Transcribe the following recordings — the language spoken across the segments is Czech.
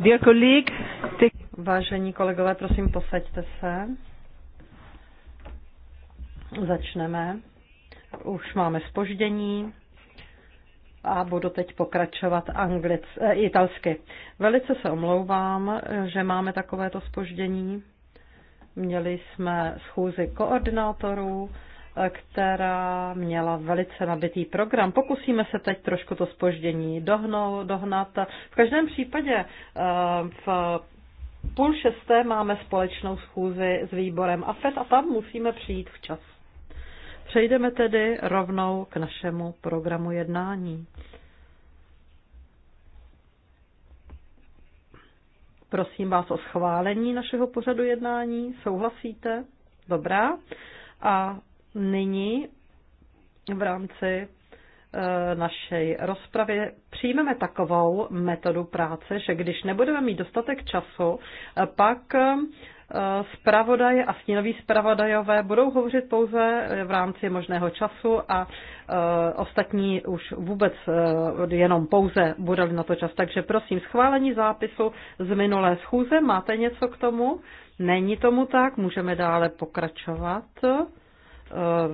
Dear colleague, ty... Vážení kolegové, prosím, posaďte se. Začneme. Už máme spoždění a budu teď pokračovat anglic, eh, italsky. Velice se omlouvám, že máme takovéto spoždění. Měli jsme schůzi koordinátorů, Eh, která měla velice nabitý program. Pokusíme se teď trošku to spoždění dohnout, dohnat. V každém případě eh, v půl šesté máme společnou schůzi s výborem AFET a tam musíme přijít včas. Přejdeme tedy rovnou k našemu programu jednání. Prosím vás o schválení našeho pořadu jednání. Souhlasíte? Dobrá. A Nyní v rámci eh, naší rozpravy přijmeme takovou metodu práce, že když nebudeme mít dostatek času, eh, pak eh, zpravodaj a stínoví zpravodajové budou hovořit pouze v rámci možného času a ostatní už vůbec jenom pouze budou na to čas. Takže prosím, schválení zápisu z minulé schůze. Máte něco k tomu? Není tomu tak, můžeme dále pokračovat. Eh,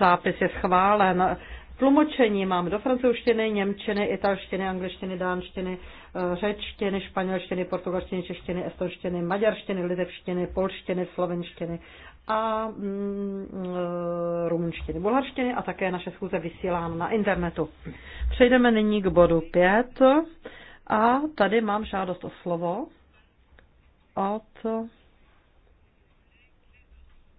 zápis je schválen. Tlumočení mám do francouzštiny, němčiny, italštiny, angličtiny, dánštiny, eh, řečtiny, španělštiny, portugalštiny, češtiny, estonštiny, maďarštiny, litevštiny, polštiny, slovenštiny a mm, eh, rumunštiny, bulharštiny a také naše schůze vysílám na internetu. Přejdeme nyní k bodu 5 a tady mám žádost o slovo od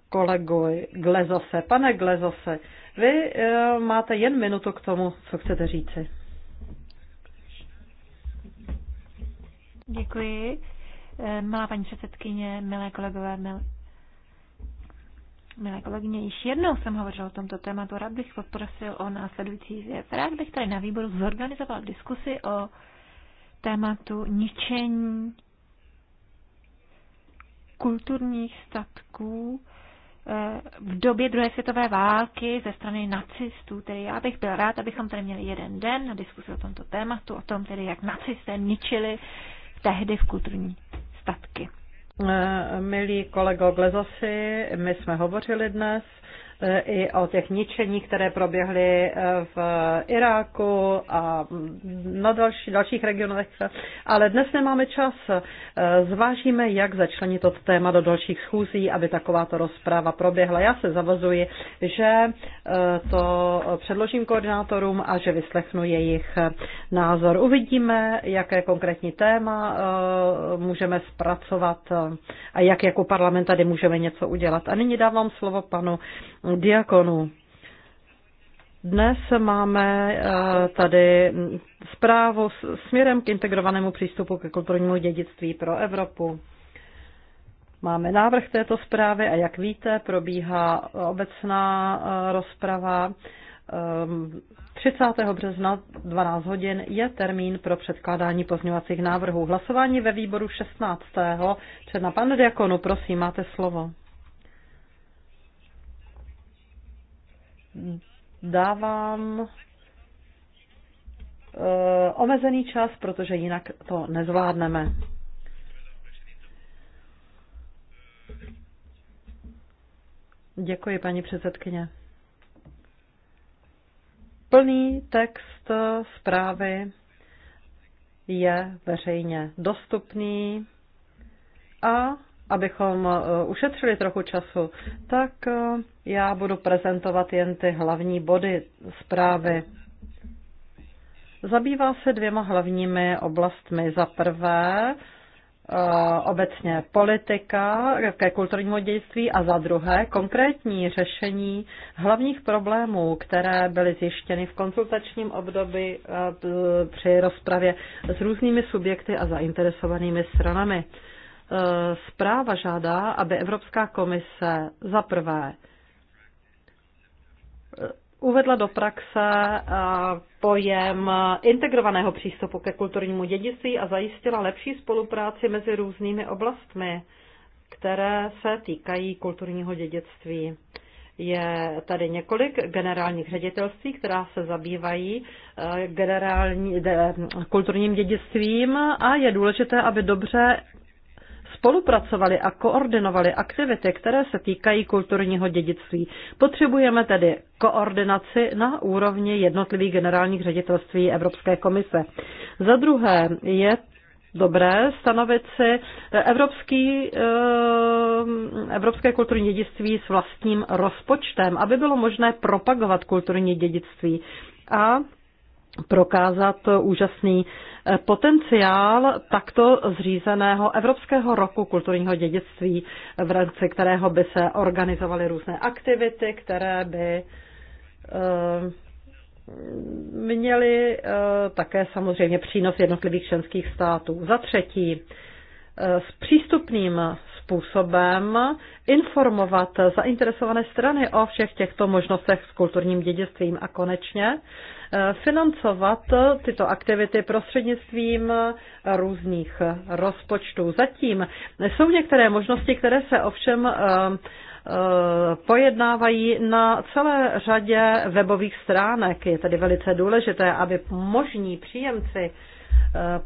kolegovi Glezose. Pane Glezose, vy eh, máte jen minutu k tomu, co chcete říci. Děkuji. Eh, milá paní předsedkyně, milé kolegové, mil... Milé kolegyně, již jednou jsem hovořil o tomto tématu, rád bych poprosil o následující věc. Rád bych tady na výboru zorganizoval diskusi o tématu ničení kulturních statků v době druhé světové války ze strany nacistů. Tedy já bych byl rád, abychom tady měli jeden den na diskusi o tomto tématu, o tom tedy, jak nacisté ničili tehdy v kulturní statky. Eh, milí kolego Glezosi, my jsme hovořili dnes i o těch ničení, které proběhly eh, v Iráku a na další, dalších regionech. Ale dnes nemáme čas. Eh, zvážíme, jak začlenit toto téma do dalších schůzí, aby takováto rozpráva proběhla. Já se zavazuji, že eh, to předložím koordinátorům a že vyslechnu jejich názor. Uvidíme, jaké konkrétní téma můžeme zpracovat a jak jako parlament tady můžeme něco udělat. A nyní dávám slovo panu diakonů. Dnes máme eh, tady zprávu směrem k integrovanému přístupu ke kulturnímu dědictví pro Evropu. Máme návrh této zprávy a jak víte, probíhá obecná eh, rozprava. 30. Ehm, března 12 hodin je termín pro předkládání pozměňovacích návrhů. Hlasování ve výboru 16. Předna pan Diakonu, prosím, máte slovo. dávám eh, omezený čas, protože jinak to nezvládneme. Děkuji, paní předsedkyně. Plný text zprávy je veřejně dostupný a abychom eh, ušetřili trochu času, tak eh, já budu prezentovat jen ty hlavní body zprávy. Zabývá se dvěma hlavními oblastmi. Za prvé eh, obecně politika ke kulturnímu dějství a za druhé konkrétní řešení hlavních problémů, které byly zjištěny v konzultačním období při rozpravě s různými subjekty a zainteresovanými stranami. Eh, zpráva žádá, aby Evropská komise za prvé eh, uvedla do praxe eh, pojem integrovaného přístupu ke kulturnímu dědictví a zajistila lepší spolupráci mezi různými oblastmi, které se týkají kulturního dědictví. Je tady několik generálních ředitelství, která se zabývají generální, de, kulturním dědictvím a je důležité, aby dobře spolupracovali a koordinovali aktivity, které se týkají kulturního dědictví. Potřebujeme tedy koordinaci na úrovni jednotlivých generálních ředitelství Evropské komise. Za druhé je dobré stanovit si eh, evropský, eh, evropské kulturní dědictví s vlastním rozpočtem, aby bylo možné propagovat kulturní dědictví a prokázat úžasný eh, potenciál takto zřízeného Evropského roku kulturního dědictví, eh, v rámci kterého by se organizovaly různé aktivity, které by eh, měly také samozřejmě přínos jednotlivých členských států. Za třetí, s přístupným způsobem informovat zainteresované strany o všech těchto možnostech s kulturním dědictvím. A konečně financovat tyto aktivity prostřednictvím různých rozpočtů. Zatím jsou některé možnosti, které se ovšem eh, eh, pojednávají na celé řadě webových stránek. Je tedy velice důležité, aby možní příjemci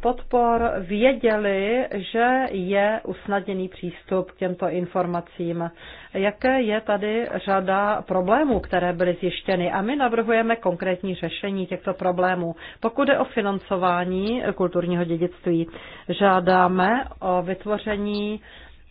podpor věděli, že je usnadněný přístup k těmto informacím. Jaké je tady řada problémů, které byly zjištěny a my navrhujeme konkrétní řešení těchto problémů. Pokud je o financování kulturního dědictví, žádáme o vytvoření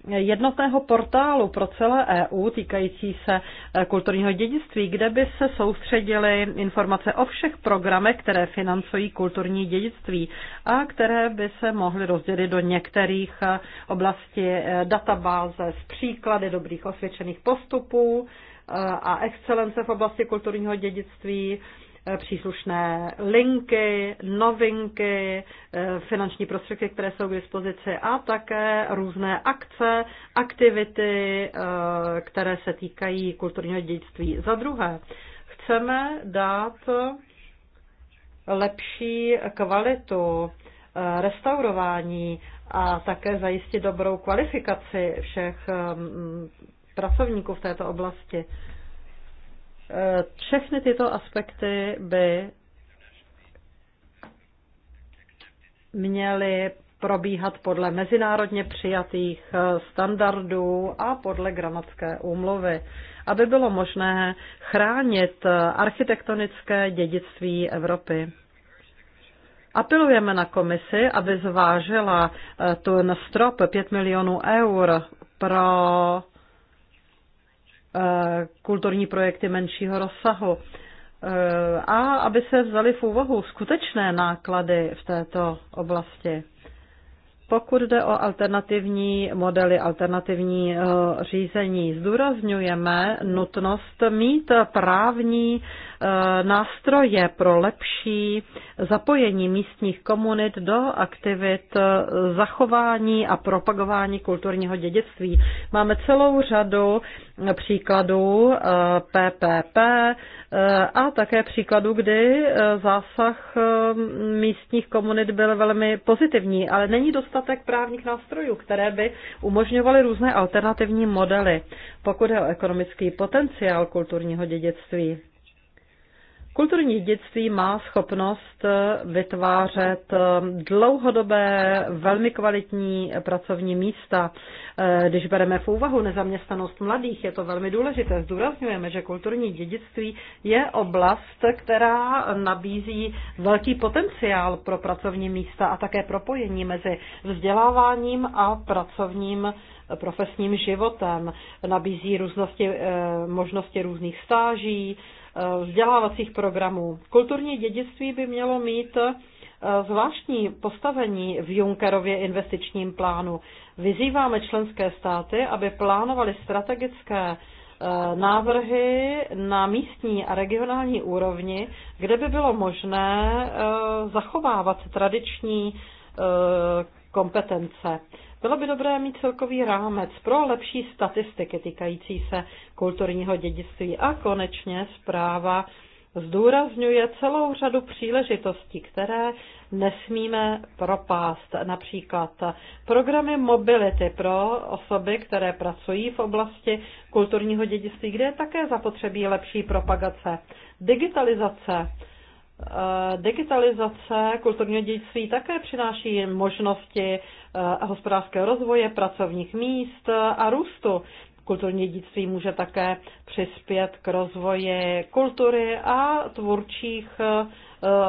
jednotného portálu pro celé EU týkající se eh, kulturního dědictví, kde by se soustředily informace o všech programech, které financují kulturní dědictví a které by se mohly rozdělit do některých eh, oblastí eh, databáze s příklady dobrých osvědčených postupů a excelence v oblasti kulturního dědictví, Eh, příslušné linky, novinky, eh, finanční prostředky, které jsou k dispozici a také různé akce, aktivity, eh, které se týkají kulturního dědictví. Za druhé, chceme dát lepší kvalitu restaurování a také zajistit dobrou kvalifikaci všech pracovníků v této oblasti. Všechny tyto aspekty by měly probíhat podle mezinárodně přijatých eh, standardů a podle gramatické úmluvy, aby bylo možné chránit eh, architektonické dědictví Evropy. Apelujeme na komisi, aby zvážila eh, ten strop 5 milionů eur pro Eh, kulturní projekty menšího rozsahu eh, a aby se vzali v úvahu skutečné náklady v této oblasti. Pokud jde o alternativní modely, alternativní eh, řízení, zdůrazňujeme nutnost mít právní nástroje pro lepší zapojení místních komunit do aktivit zachování a propagování kulturního dědictví. Máme celou řadu příkladů eh, PPP eh, a také příkladů, kdy eh, zásah místních komunit byl velmi pozitivní, ale není dostatek právních nástrojů, které by umožňovaly různé alternativní modely, pokud je o ekonomický potenciál kulturního dědictví. Kulturní dědictví má schopnost eh, vytvářet eh, dlouhodobé, velmi kvalitní eh, pracovní místa. Když bereme v úvahu nezaměstnanost mladých, je to velmi důležité. Zdůrazňujeme, že kulturní dědictví je oblast, která nabízí velký potenciál pro pracovní místa a také propojení mezi vzděláváním a pracovním profesním životem. Nabízí různosti, možnosti různých stáží, Eh, vzdělávacích programů. Kulturní dědictví by mělo mít eh, zvláštní postavení v Junckerově investičním plánu. Vyzýváme členské státy, aby plánovali strategické eh, návrhy na místní a regionální úrovni, kde by bylo možné zachovávat tradiční kompetence. Bylo by dobré mít celkový rámec pro lepší statistiky týkající se kulturního dědictví. A konečně zpráva zdůrazňuje celou řadu příležitostí, které nesmíme propást. Například programy mobility pro osoby, které pracují v oblasti kulturního dědictví, kde je také zapotřebí lepší propagace. Digitalizace Eh, digitalizace kulturního dědictví také přináší možnosti eh, hospodářského rozvoje, pracovních míst a růstu. Kulturní dědictví může také přispět k rozvoji kultury a tvůrčích eh,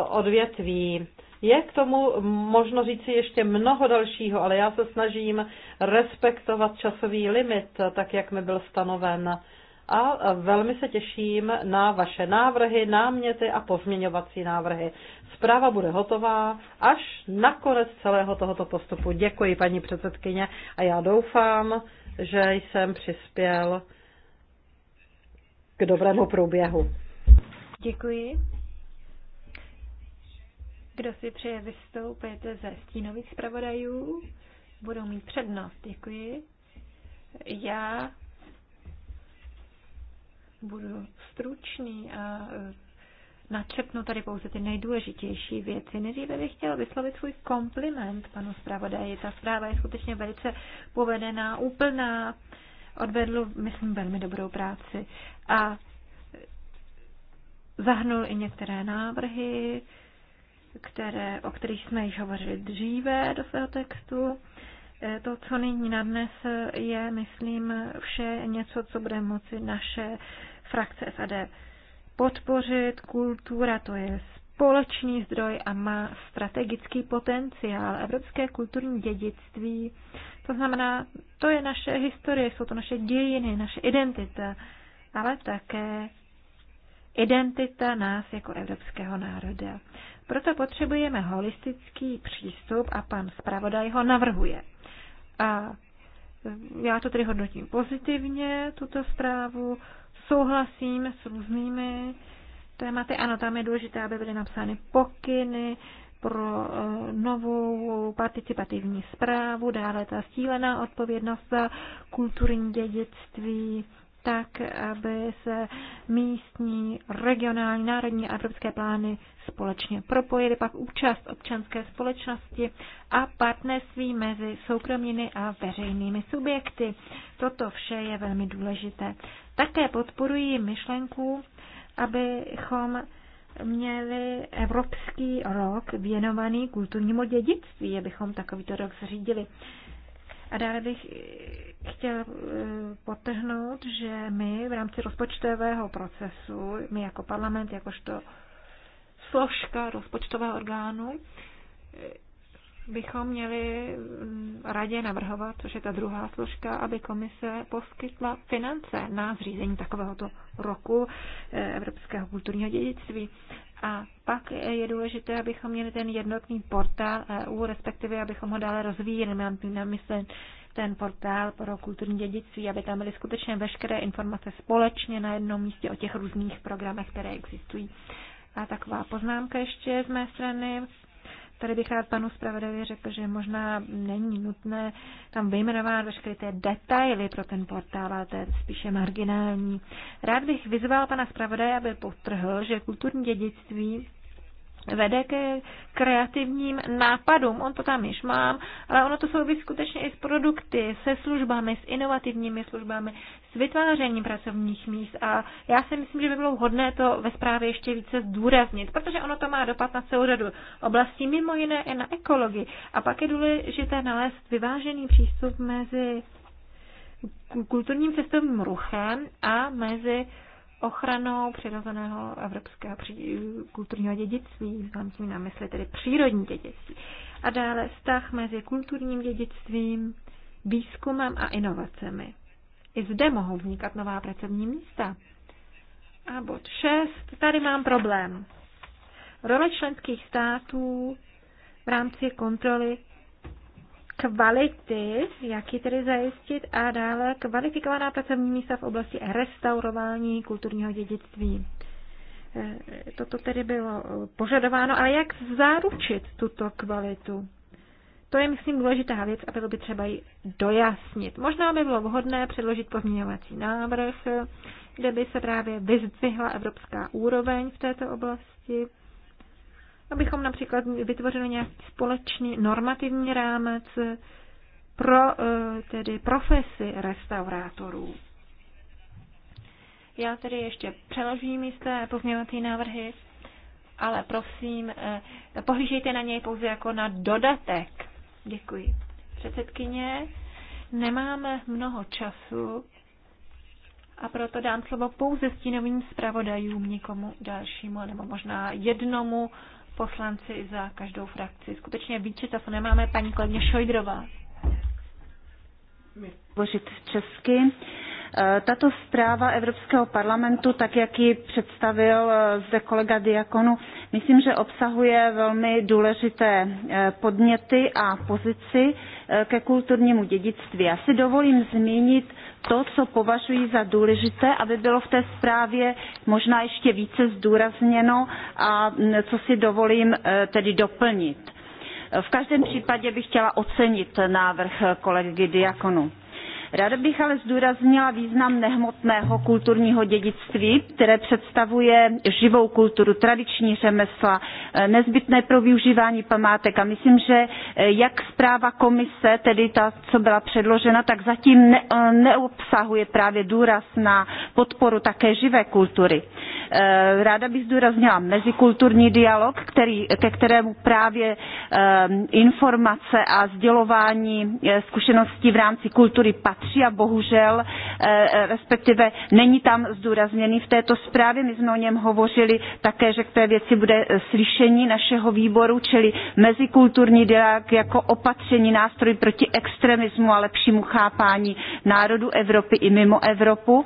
odvětví. Je k tomu možno říci ještě mnoho dalšího, ale já se snažím respektovat časový limit, tak jak mi byl stanoven a velmi se těším na vaše návrhy, náměty a pozměňovací návrhy. Zpráva bude hotová až na konec celého tohoto postupu. Děkuji, paní předsedkyně, a já doufám, že jsem přispěl k dobrému průběhu. Děkuji. Kdo si přeje vystoupit ze stínových zpravodajů, budou mít přednost. Děkuji. Já budu stručný a e, načrtnu tady pouze ty nejdůležitější věci. Nejdříve bych chtěl vyslovit svůj kompliment panu zpravodaji. Ta zpráva je skutečně velice povedená, úplná, odvedl, myslím, velmi dobrou práci a zahnul i některé návrhy, které, o kterých jsme již hovořili dříve do svého textu. E, to, co nyní nadnes, je, myslím, vše něco, co bude moci naše frakce SAD podpořit. Kultura to je společný zdroj a má strategický potenciál. Evropské kulturní dědictví, to znamená, to je naše historie, jsou to naše dějiny, naše identita, ale také identita nás jako evropského národa. Proto potřebujeme holistický přístup a pan zpravodaj ho navrhuje. A já to tedy hodnotím pozitivně, tuto zprávu souhlasím s různými tématy. Ano, tam je důležité, aby byly napsány pokyny pro eh, novou participativní zprávu, dále ta stílená odpovědnost za kulturní dědictví, tak, aby se místní, regionální, národní a evropské plány společně propojily, pak účast občanské společnosti a partnerství mezi soukromými a veřejnými subjekty. Toto vše je velmi důležité. Také podporuji myšlenku, abychom měli Evropský rok věnovaný kulturnímu dědictví, abychom takovýto rok zřídili. A dále bych eh, chtěl eh, potrhnout, že my v rámci rozpočtového procesu, my jako parlament, jakožto složka rozpočtového orgánu, eh, bychom měli mm, radě navrhovat, což je ta druhá složka, aby komise poskytla finance na zřízení takovéhoto roku eh, Evropského kulturního dědictví. A pak je důležité, abychom měli ten jednotný portál EU, respektive abychom ho dále rozvíjeli. Mám tím na mysli ten portál pro kulturní dědictví, aby tam byly skutečně veškeré informace společně na jednom místě o těch různých programech, které existují. A taková poznámka ještě z mé strany. Tady bych rád panu zpravodajovi řekl, že možná není nutné tam vyjmenovat veškeré ty detaily pro ten portál, ale to je spíše marginální. Rád bych vyzval pana zpravodaje, aby potrhl, že kulturní dědictví vede ke kreativním nápadům. On to tam již mám, ale ono to souvisí skutečně i s produkty, se službami, s inovativními službami, s vytvářením pracovních míst. A já si myslím, že by bylo hodné to ve zprávě ještě více zdůraznit, protože ono to má dopad na celou řadu oblastí, mimo jiné i na ekologii. A pak je důležité nalézt vyvážený přístup mezi kulturním cestovním ruchem a mezi ochranou přirozeného evropského kulturního dědictví, mám tím na mysli tedy přírodní dědictví, a dále vztah mezi kulturním dědictvím, výzkumem a inovacemi. I zde mohou vznikat nová pracovní místa. A bod 6. Tady mám problém. Role členských států v rámci kontroly kvality, jak ji tedy zajistit, a dále kvalifikovaná pracovní místa v oblasti restaurování kulturního dědictví. E, toto tedy bylo požadováno, ale jak zaručit tuto kvalitu? To je, myslím, důležitá věc a bylo by třeba ji dojasnit. Možná by bylo vhodné předložit pozměňovací návrh, kde by se právě vyzdvihla evropská úroveň v této oblasti, abychom například vytvořili nějaký společný normativní rámec pro eh, tedy profesi restaurátorů. Já tedy ještě přeložím jisté pozměňovací návrhy, ale prosím, eh, pohlížejte na něj pouze jako na dodatek Děkuji. Předsedkyně, nemáme mnoho času a proto dám slovo pouze stínovým zpravodajům, nikomu dalšímu, nebo možná jednomu poslanci za každou frakci. Skutečně více času nemáme, paní kolegyně Šojdrová. Božit česky. Eh, tato zpráva Evropského parlamentu, tak jak ji představil eh, zde kolega Diakonu, myslím, že obsahuje velmi důležité eh, podněty a pozici ke kulturnímu dědictví. Já si dovolím zmínit to, co považuji za důležité, aby bylo v té zprávě možná ještě více zdůrazněno a mm, co si dovolím tedy doplnit. V každém případě bych chtěla ocenit návrh kolegy Diakonu Ráda bych ale zdůraznila význam nehmotného kulturního dědictví, které představuje živou kulturu, tradiční řemesla, eh, nezbytné pro využívání památek. A myslím, že eh, jak zpráva komise, tedy ta, co byla předložena, tak zatím ne, eh, neobsahuje právě důraz na podporu také živé kultury. Ráda bych zdůraznila mezikulturní dialog, který, ke kterému právě informace a sdělování zkušeností v rámci kultury patří nepatří a bohužel, eh, eh, respektive není tam zdůrazněný v této zprávě. My jsme o něm hovořili také, že k té věci bude eh, slyšení našeho výboru, čili mezikulturní dialog jako opatření nástroj proti extremismu a lepšímu chápání národů Evropy i mimo Evropu.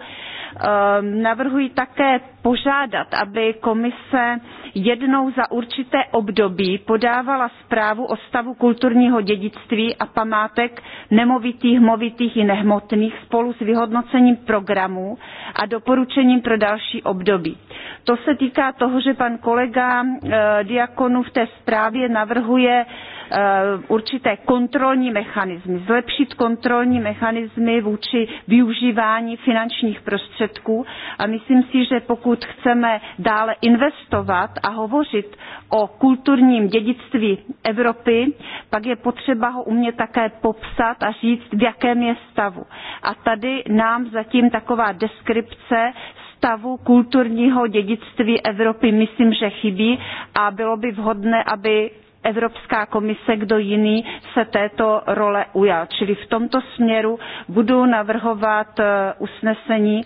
Ehm, navrhuji také požádat, aby komise jednou za určité období podávala zprávu o stavu kulturního dědictví a památek nemovitých, movitých i nehmotných spolu s vyhodnocením programů a doporučením pro další období. To se týká toho, že pan kolega eh, Diakonu v té zprávě navrhuje Eh, určité kontrolní mechanismy, zlepšit kontrolní mechanismy vůči využívání finančních prostředků a myslím si, že pokud chceme dále investovat a hovořit o kulturním dědictví Evropy, pak je potřeba ho umět také popsat a říct, v jakém je stavu. A tady nám zatím taková deskripce stavu kulturního dědictví Evropy myslím, že chybí a bylo by vhodné, aby Evropská komise, kdo jiný se této role ujal. Čili v tomto směru budu navrhovat eh, usnesení,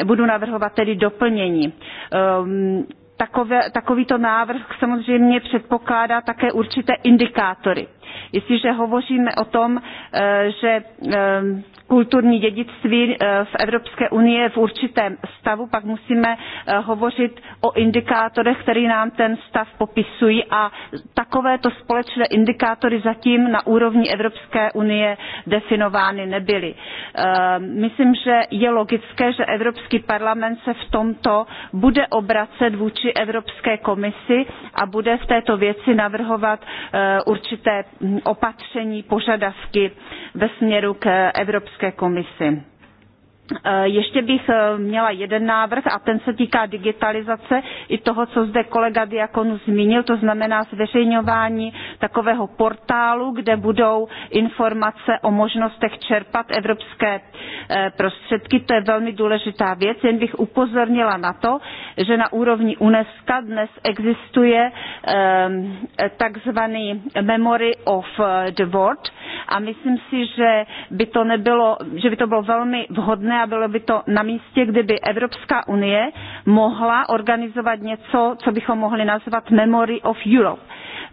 eh, budu navrhovat tedy doplnění. Ehm, takové, takovýto návrh samozřejmě předpokládá také určité indikátory Jestliže hovoříme o tom, eh, že eh, kulturní dědictví eh, v Evropské unii je v určitém stavu, pak musíme hovořit o indikátorech, které nám ten stav popisují a takovéto společné indikátory zatím na úrovni Evropské unie definovány nebyly. Myslím, že je logické, že Evropský parlament se v tomto bude obracet vůči Evropské komisi a bude v této věci navrhovat určité opatření, požadavky ve směru k Evropské komisi. Eh, ještě bych eh, měla jeden návrh a ten se týká digitalizace i toho, co zde kolega Diakonu zmínil, to znamená zveřejňování takového portálu, kde budou informace o možnostech čerpat evropské eh, prostředky. To je velmi důležitá věc, jen bych upozornila na to, že na úrovni UNESCO dnes existuje takzvaný Memory of the World, a myslím si, že by to nebylo, že by to bylo velmi vhodné a bylo by to na místě, kdyby Evropská unie mohla organizovat něco, co bychom mohli nazvat Memory of Europe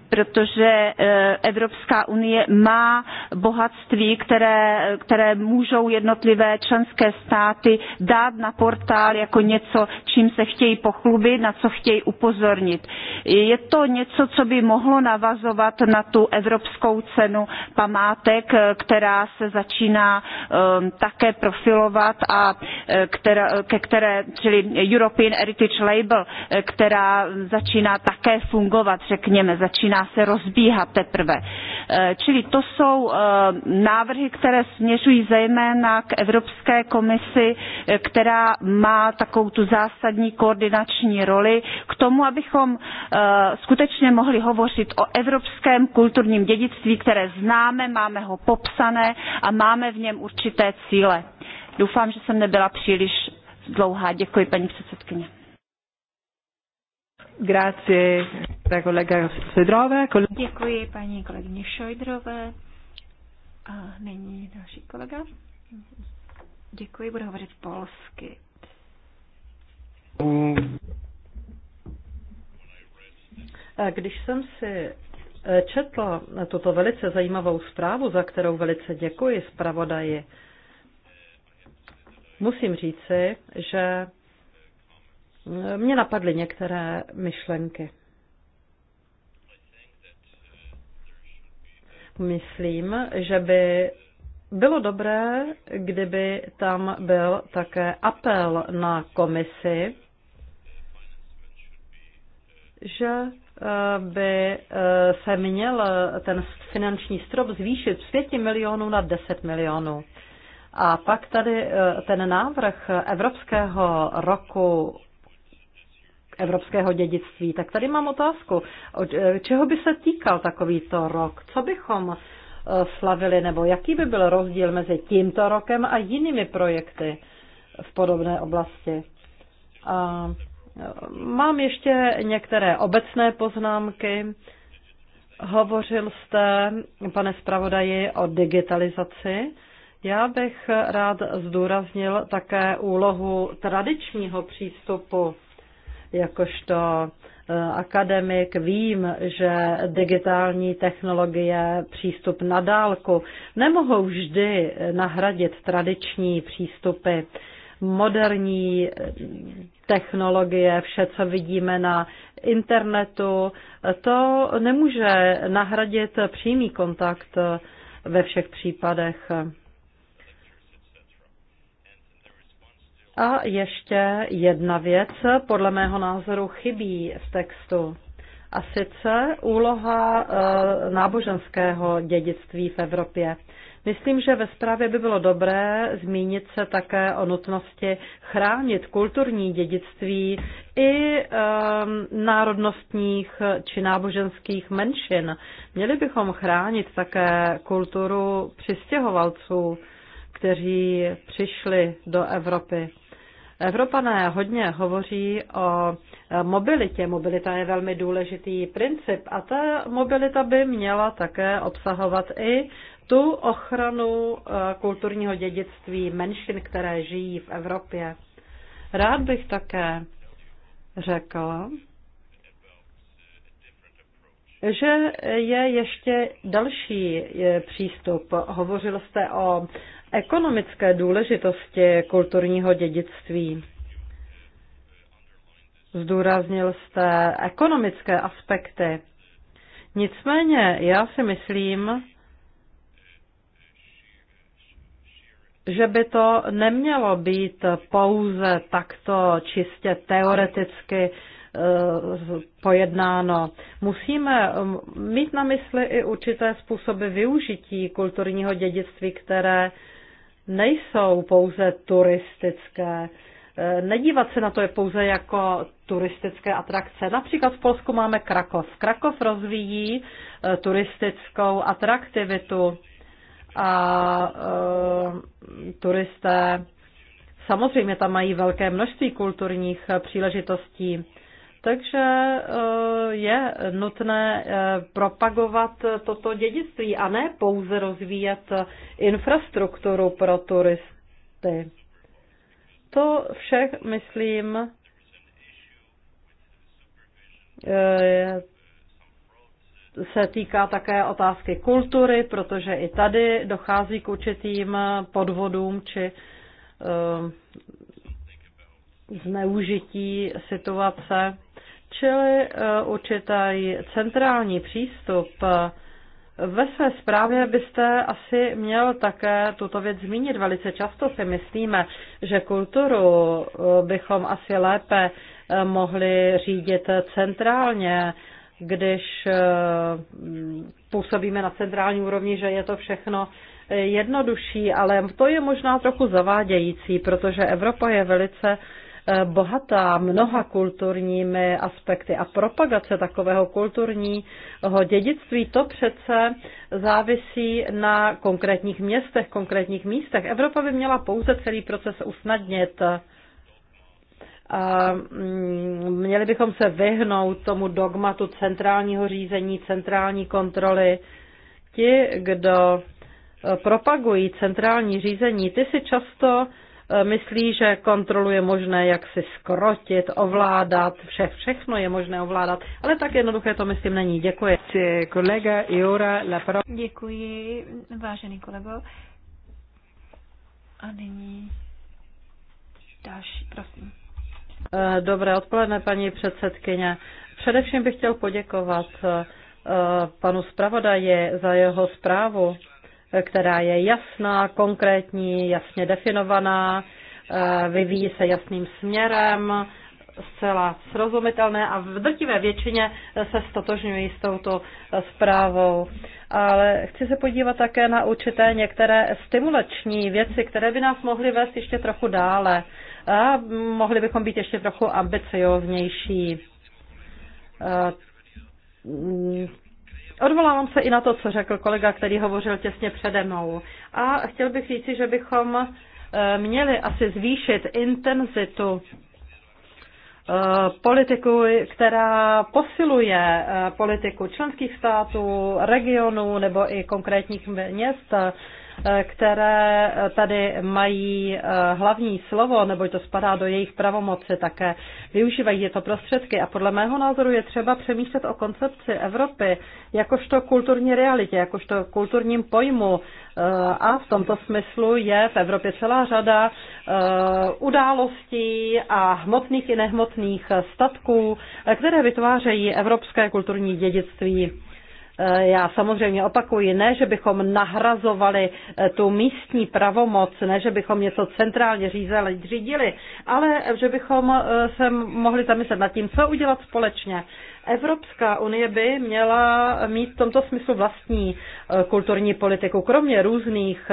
protože eh, Evropská unie má bohatství, které, které můžou jednotlivé členské státy dát na portál jako něco, čím se chtějí pochlubit, na co chtějí upozornit. Je to něco, co by mohlo navazovat na tu evropskou cenu památek, eh, která se začíná ehm, také profilovat a eh, která, ke které, čili European Heritage Label, která začíná také fungovat, řekněme, začíná začíná se rozbíhat teprve. Eh, čili to jsou eh, návrhy, které směřují zejména k Evropské komisi, eh, která má takovou tu zásadní koordinační roli k tomu, abychom skutečně mohli hovořit o evropském kulturním dědictví, které známe, máme ho popsané a máme v něm určité cíle. Doufám, že jsem nebyla příliš dlouhá. Děkuji, paní předsedkyně. Grazie, kolega Děkuji paní kolegyně Šojdrové. A nyní další kolega. Děkuji, budu hovořit polsky. Když jsem si eh, četla tuto velice zajímavou zprávu, za kterou velice děkuji zpravodaji, musím říci, že mě napadly některé myšlenky. Myslím, že by bylo dobré, kdyby tam byl také apel na komisi, že eh, by eh, se měl ten finanční strop zvýšit z 5 milionů na 10 milionů. A pak tady eh, ten návrh Evropského roku evropského dědictví. Tak tady mám otázku, eh, čeho by se týkal takovýto rok? Co bychom eh, slavili, nebo jaký by byl rozdíl mezi tímto rokem a jinými projekty v podobné oblasti? A eh, mám ještě některé obecné poznámky. Hovořil jste, pane zpravodaji, o digitalizaci. Já bych rád zdůraznil také úlohu tradičního přístupu jakožto eh, akademik vím, že digitální technologie, přístup na dálku nemohou vždy nahradit tradiční přístupy. Moderní eh, technologie, vše, co vidíme na internetu, to nemůže nahradit přímý kontakt eh, ve všech případech. A ještě jedna věc podle mého názoru chybí v textu. A sice úloha e, náboženského dědictví v Evropě. Myslím, že ve zprávě by bylo dobré zmínit se také o nutnosti chránit kulturní dědictví i e, národnostních či náboženských menšin. Měli bychom chránit také kulturu přistěhovalců, kteří přišli do Evropy. Evropané hodně hovoří o mobilitě. Mobilita je velmi důležitý princip a ta mobilita by měla také obsahovat i tu ochranu eh, kulturního dědictví menšin, které žijí v Evropě. Rád bych také řekl, že je ještě další eh, přístup. Hovořil jste o ekonomické důležitosti kulturního dědictví. Zdůraznil jste ekonomické aspekty. Nicméně já si myslím, že by to nemělo být pouze takto čistě teoreticky eh, pojednáno. Musíme mm, mít na mysli i určité způsoby využití kulturního dědictví, které nejsou pouze turistické. E, nedívat se na to je pouze jako turistické atrakce. Například v Polsku máme Krakov. Krakov rozvíjí e, turistickou atraktivitu a e, turisté samozřejmě tam mají velké množství kulturních příležitostí takže eh, je nutné eh, propagovat toto dědictví a ne pouze rozvíjet infrastrukturu pro turisty. To vše, myslím, eh, se týká také otázky kultury, protože i tady dochází k určitým podvodům či zneužití situace. Čili eh, určitý centrální přístup ve své zprávě byste asi měl také tuto věc zmínit. Velice často si myslíme, že kulturu eh, bychom asi lépe eh, mohli řídit centrálně, když působíme na centrální úrovni, že je to všechno jednodušší, ale to je možná trochu zavádějící, protože Evropa je velice bohatá mnoha kulturními aspekty a propagace takového kulturního dědictví, to přece závisí na konkrétních městech, konkrétních místech. Evropa by měla pouze celý proces usnadnit. A mm, měli bychom se vyhnout tomu dogmatu centrálního řízení, centrální kontroly. Ti, kdo propagují centrální řízení, ty si často E, myslí, že kontrolu je možné jaksi skrotit, ovládat, vše, všechno je možné ovládat, ale tak jednoduché to myslím není. Děkuji. Kolega Jura Lapro. Děkuji, vážený kolego. A nyní další, prosím. E, dobré odpoledne, paní předsedkyně. Především bych chtěl poděkovat e, panu zpravodaji za jeho zprávu která je jasná, konkrétní, jasně definovaná, eh, vyvíjí se jasným směrem, zcela srozumitelné a v drtivé většině se stotožňují s touto eh, zprávou. Ale chci se podívat také na určité některé stimulační věci, které by nás mohly vést ještě trochu dále a mohli bychom být ještě trochu ambicioznější eh, Odvolávám se i na to, co řekl kolega, který hovořil těsně přede mnou. A chtěl bych říci, že bychom eh, měli asi zvýšit intenzitu eh, politiku, která posiluje eh, politiku členských států, regionů nebo i konkrétních měst Eh, které tady mají eh, hlavní slovo, nebo to spadá do jejich pravomoci také, využívají tyto prostředky a podle mého názoru je třeba přemýšlet o koncepci Evropy jakožto kulturní realitě, jakožto kulturním pojmu eh, a v tomto smyslu je v Evropě celá řada událostí a hmotných i nehmotných statků, které vytvářejí evropské kulturní dědictví. Eh, já samozřejmě opakuji, ne, že bychom nahrazovali eh, tu místní pravomoc, ne, že bychom něco centrálně řízeli, řídili, ale eh, že bychom se mohli zamyslet nad tím, co udělat společně. Evropská unie by měla mít v tomto smyslu vlastní kulturní politiku, kromě různých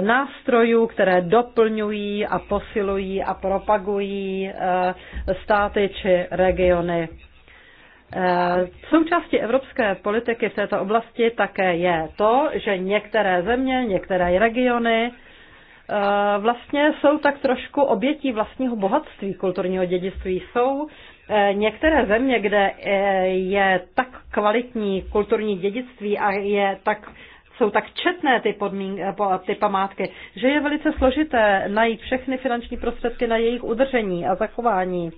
nástrojů, které doplňují a posilují a propagují státy či regiony. Eh, součástí evropské politiky v této oblasti také je to, že některé země, některé regiony eh, vlastně jsou tak trošku obětí vlastního bohatství kulturního dědictví. Jsou eh, některé země, kde je tak kvalitní kulturní dědictví a je tak jsou tak četné ty, podmín, ty památky, že je velice složité najít všechny finanční prostředky na jejich udržení a zachování.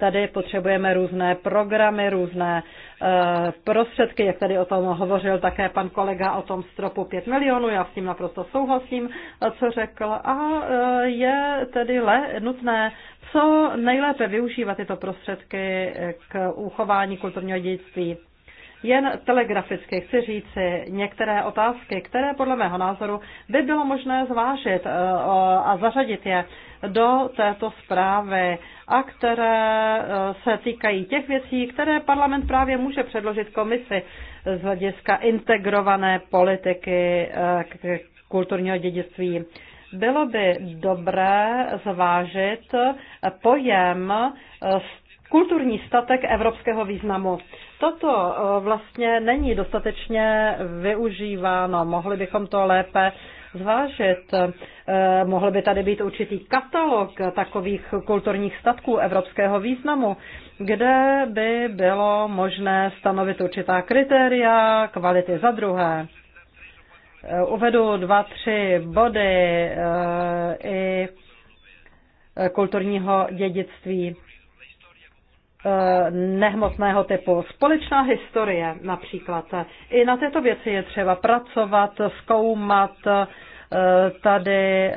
Tady potřebujeme různé programy, různé eh, prostředky, jak tady o tom hovořil také pan kolega o tom stropu 5 milionů, já s tím naprosto souhlasím, eh, co řekl. A eh, je tedy le, nutné co nejlépe využívat tyto prostředky k uchování kulturního dědictví. Jen telegraficky chci říci některé otázky, které podle mého názoru by bylo možné zvážit eh, a zařadit je do této zprávy a které eh, se týkají těch věcí, které parlament právě může předložit komisi z hlediska integrované politiky eh, kulturního dědictví. Bylo by dobré zvážit pojem kulturní statek evropského významu. Toto eh, vlastně není dostatečně využíváno. Mohli bychom to lépe zvážit. Eh, Mohl by tady být určitý katalog takových kulturních statků evropského významu, kde by bylo možné stanovit určitá kritéria kvality za druhé. Eh, uvedu dva, tři body i kulturního dědictví nehmotného typu. Společná historie například. I na této věci je třeba pracovat, zkoumat eh, tady eh,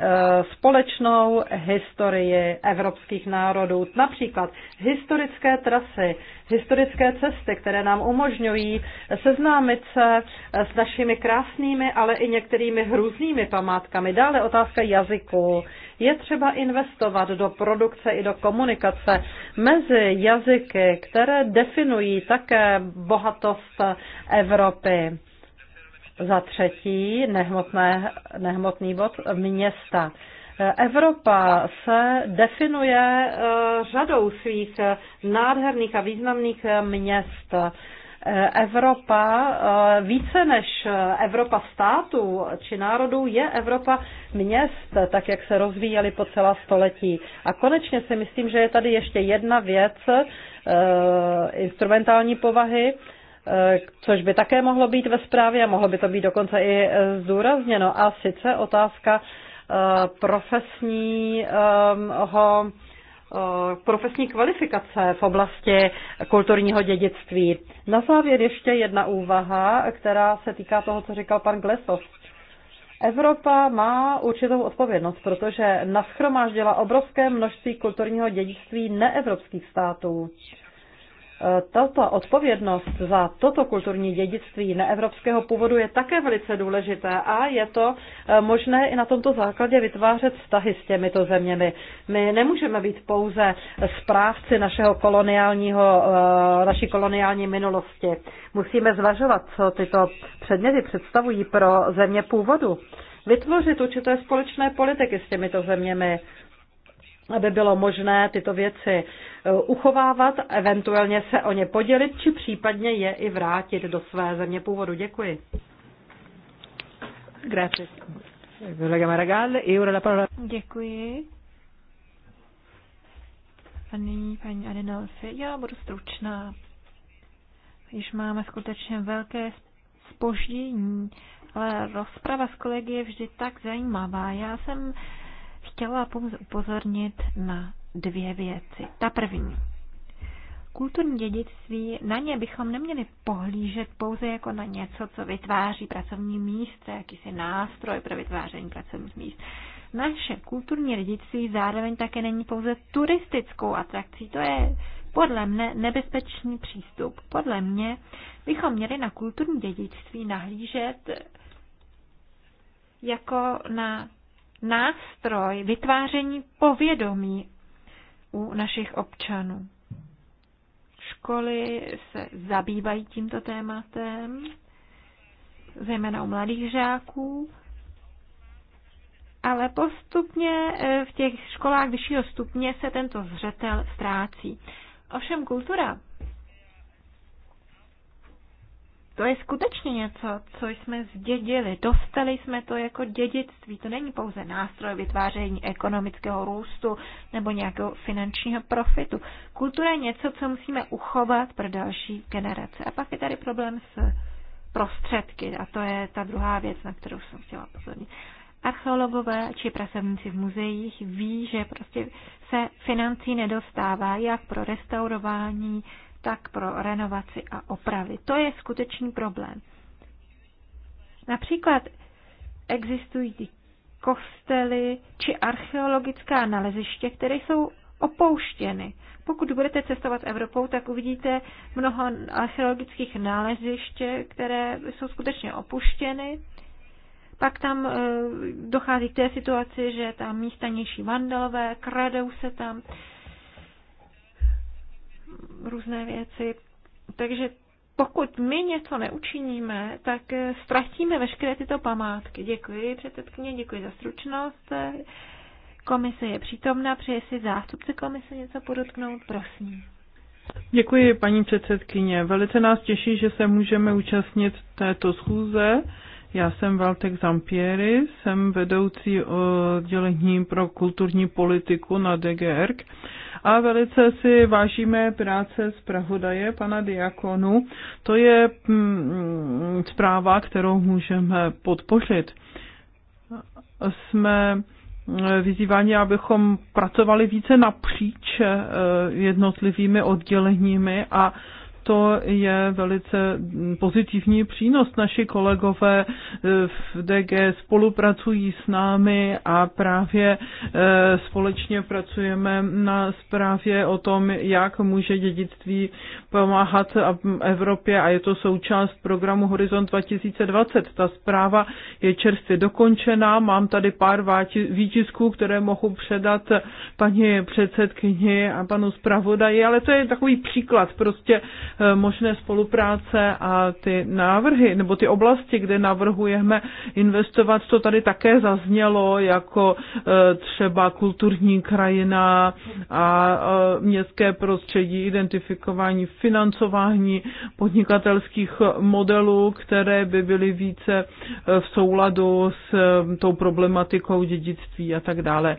společnou historii evropských národů. Například historické trasy, historické cesty, které nám umožňují seznámit se eh, s našimi krásnými, ale i některými hrůznými památkami. Dále otázka jazyku, je třeba investovat do produkce i do komunikace mezi jazyky, které definují také bohatost Evropy. Za třetí, nehmotné, nehmotný bod města. Evropa se definuje eh, řadou svých eh, nádherných a významných eh, měst. Evropa eh, více než eh, Evropa států či národů je Evropa měst, tak jak se rozvíjely po celá století. A konečně si myslím, že je tady ještě jedna věc eh, instrumentální povahy, což by také mohlo být ve zprávě a mohlo by to být dokonce i zdůrazněno. A sice otázka profesního Eh, profesní kvalifikace v oblasti kulturního dědictví. Na závěr ještě jedna úvaha, která se týká toho, co říkal pan Glesov. Evropa má určitou odpovědnost, protože naschromáždila obrovské množství kulturního dědictví neevropských států. Tato odpovědnost za toto kulturní dědictví neevropského původu je také velice důležité a je to eh, možné i na tomto základě vytvářet vztahy s těmito zeměmi. My nemůžeme být pouze správci našeho koloniálního, eh, naší koloniální minulosti. Musíme zvažovat, co tyto předměty představují pro země původu vytvořit určité společné politiky s těmito zeměmi, aby bylo možné tyto věci eh, uchovávat, eventuálně se o ně podělit, či případně je i vrátit do své země původu. Děkuji. E Děkuji. A nyní paní Adenolfi, já budu stručná. Již máme skutečně velké spoždění, ale rozprava s kolegy je vždy tak zajímavá. Já jsem chtěla pouze upozornit na dvě věci. Ta první. Kulturní dědictví, na ně bychom neměli pohlížet pouze jako na něco, co vytváří pracovní místa, jakýsi nástroj pro vytváření pracovních míst. Naše kulturní dědictví zároveň také není pouze turistickou atrakcí, to je podle mne nebezpečný přístup. Podle mě bychom měli na kulturní dědictví nahlížet jako na nástroj vytváření povědomí u našich občanů. Školy se zabývají tímto tématem, zejména u mladých žáků, ale postupně eh, v těch školách vyššího stupně se tento zřetel ztrácí. Ovšem kultura to je skutečně něco, co jsme zdědili. Dostali jsme to jako dědictví. To není pouze nástroj vytváření ekonomického růstu nebo nějakého finančního profitu. Kultura je něco, co musíme uchovat pro další generace. A pak je tady problém s prostředky. A to je ta druhá věc, na kterou jsem chtěla pozornit. Archeologové či pracovníci v muzeích ví, že prostě se financí nedostává jak pro restaurování tak pro renovaci a opravy. To je skutečný problém. Například existují kostely či archeologická naleziště, které jsou opouštěny. Pokud budete cestovat Evropou, tak uvidíte mnoho archeologických naleziště, které jsou skutečně opuštěny. Pak tam e, dochází k té situaci, že tam místa nější vandalové, kradou se tam různé věci. Takže pokud my něco neučiníme, tak eh, ztratíme veškeré tyto památky. Děkuji předsedkyně, děkuji za stručnost. Komise je přítomna, přeje si zástupce komise něco podotknout, prosím. Děkuji, paní předsedkyně. Velice nás těší, že se můžeme účastnit této schůze. Já jsem Valtek Zampieri, jsem vedoucí oddělení pro kulturní politiku na DGRK a velice si vážíme práce Prahodaje, pana Diakonu. To je mm, zpráva, kterou můžeme podpořit. Jsme mm, vyzývání, abychom pracovali více napříč eh, jednotlivými odděleními a to je velice pozitivní přínos. Naši kolegové eh, v DG spolupracují s námi a právě eh, společně pracujeme na zprávě o tom, jak může dědictví pomáhat Evropě a je to součást programu Horizont 2020. Ta zpráva je čerstvě dokončená, mám tady pár výtisků, které mohu předat paní předsedkyni a panu zpravodaji, ale to je takový příklad prostě Eh, možné spolupráce a ty návrhy, nebo ty oblasti, kde navrhujeme investovat, to tady také zaznělo, jako eh, třeba kulturní krajina a eh, městské prostředí, identifikování financování podnikatelských modelů, které by byly více v souladu s tou problematikou dědictví a tak dále.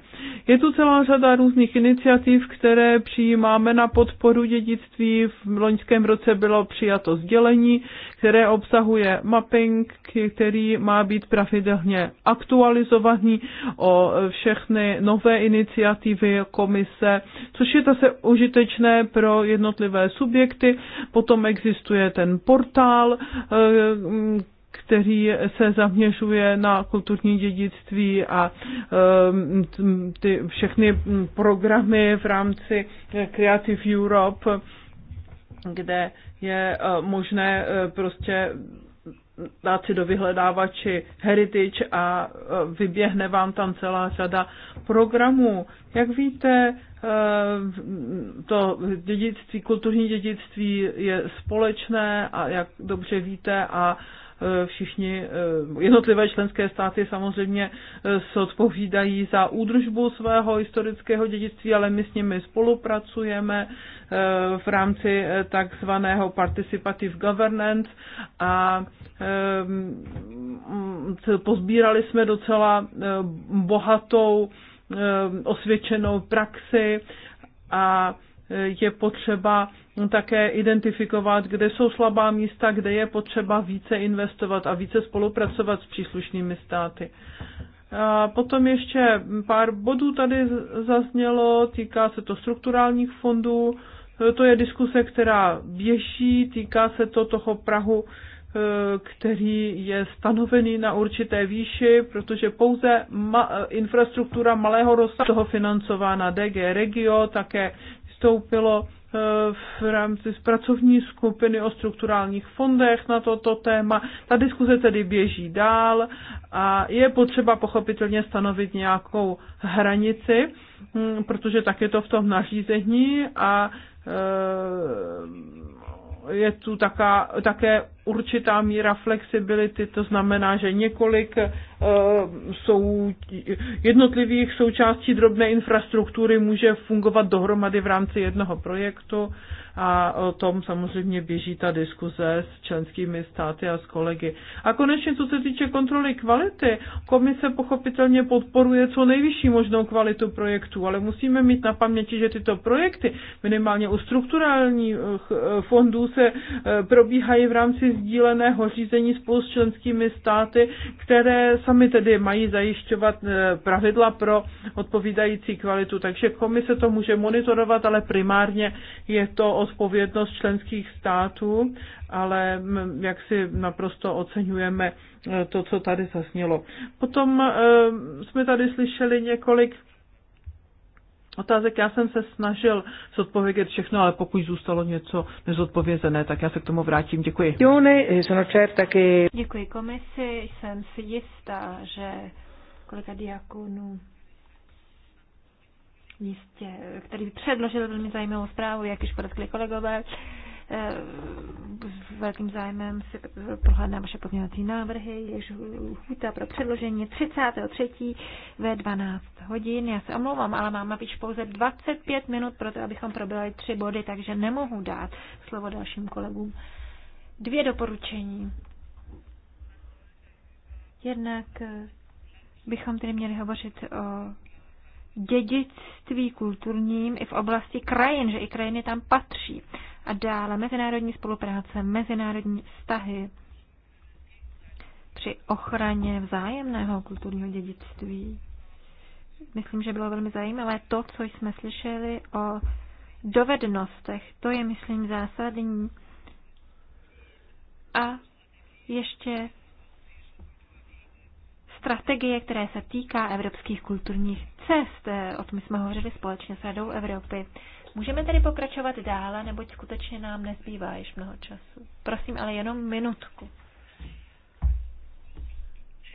Je tu celá řada různých iniciativ, které přijímáme na podporu dědictví. V loňském roce bylo přijato sdělení, které obsahuje mapping, který má být pravidelně aktualizovaný o všechny nové iniciativy komise, což je zase užitečné pro jednotlivé subjekty. Potom existuje ten portál, eh, který se zaměřuje na kulturní dědictví a eh, ty všechny programy v rámci Creative Europe kde je eh, možné eh, prostě dát si do vyhledávači Heritage a eh, vyběhne vám tam celá řada programů. Jak víte, to dědictví, kulturní dědictví je společné a jak dobře víte a Eh, všichni eh, jednotlivé členské státy samozřejmě eh, se odpovídají za údržbu svého historického dědictví, ale my s nimi spolupracujeme v rámci takzvaného participative governance a pozbírali jsme docela bohatou osvědčenou praxi a je potřeba také identifikovat, kde jsou slabá místa, kde je potřeba více investovat a více spolupracovat s příslušnými státy. A potom ještě pár bodů tady zaznělo, týká se to strukturálních fondů, to je diskuse, která běží, týká se to toho Prahu, e, který je stanovený na určité výši, protože pouze ma- infrastruktura malého rozsahu toho financována DG Regio, také vystoupilo eh, v rámci z pracovní skupiny o strukturálních fondech na toto téma. Ta diskuze tedy běží dál a je potřeba pochopitelně stanovit nějakou hranici, hm, protože tak je to v tom nařízení a eh, je tu taká, také určitá míra flexibility, to znamená, že několik jsou eh, jednotlivých součástí drobné infrastruktury může fungovat dohromady v rámci jednoho projektu a o tom samozřejmě běží ta diskuze s členskými státy a s kolegy. A konečně, co se týče kontroly kvality, komise pochopitelně podporuje co nejvyšší možnou kvalitu projektů, ale musíme mít na paměti, že tyto projekty minimálně u strukturálních eh, eh, fondů se eh, probíhají v rámci sdíleného řízení spolu s členskými státy, které sami tedy mají zajišťovat pravidla pro odpovídající kvalitu. Takže komise to může monitorovat, ale primárně je to o odpovědnost členských států, ale jak si naprosto oceňujeme e, to, co tady zasnělo. Potom e, jsme tady slyšeli několik otázek. Já jsem se snažil zodpovědět všechno, ale pokud zůstalo něco nezodpovězené, tak já se k tomu vrátím. Děkuji. Eh, Děkuji komisi, jsem si jistá, že kolega diakonů místě, který předložil velmi zajímavou zprávu, jak již podatkli kolegové. Eh, s velkým zájmem si prohlédnám vaše pozměňovací návrhy, jež lhůta pro předložení 33. ve 12 hodin. Já se omlouvám, ale mám napíš pouze 25 minut pro to, abychom probili tři body, takže nemohu dát slovo dalším kolegům. Dvě doporučení. Jednak eh, bychom tedy měli hovořit o dědictví kulturním i v oblasti krajin, že i krajiny tam patří. A dále mezinárodní spolupráce, mezinárodní vztahy při ochraně vzájemného kulturního dědictví. Myslím, že bylo velmi zajímavé to, co jsme slyšeli o dovednostech. To je, myslím, zásadní. A ještě strategie, které se týká evropských kulturních cest. Eh, o tom jsme hovořili společně s Radou Evropy. Můžeme tedy pokračovat dále, neboť skutečně nám nezbývá již mnoho času. Prosím, ale jenom minutku.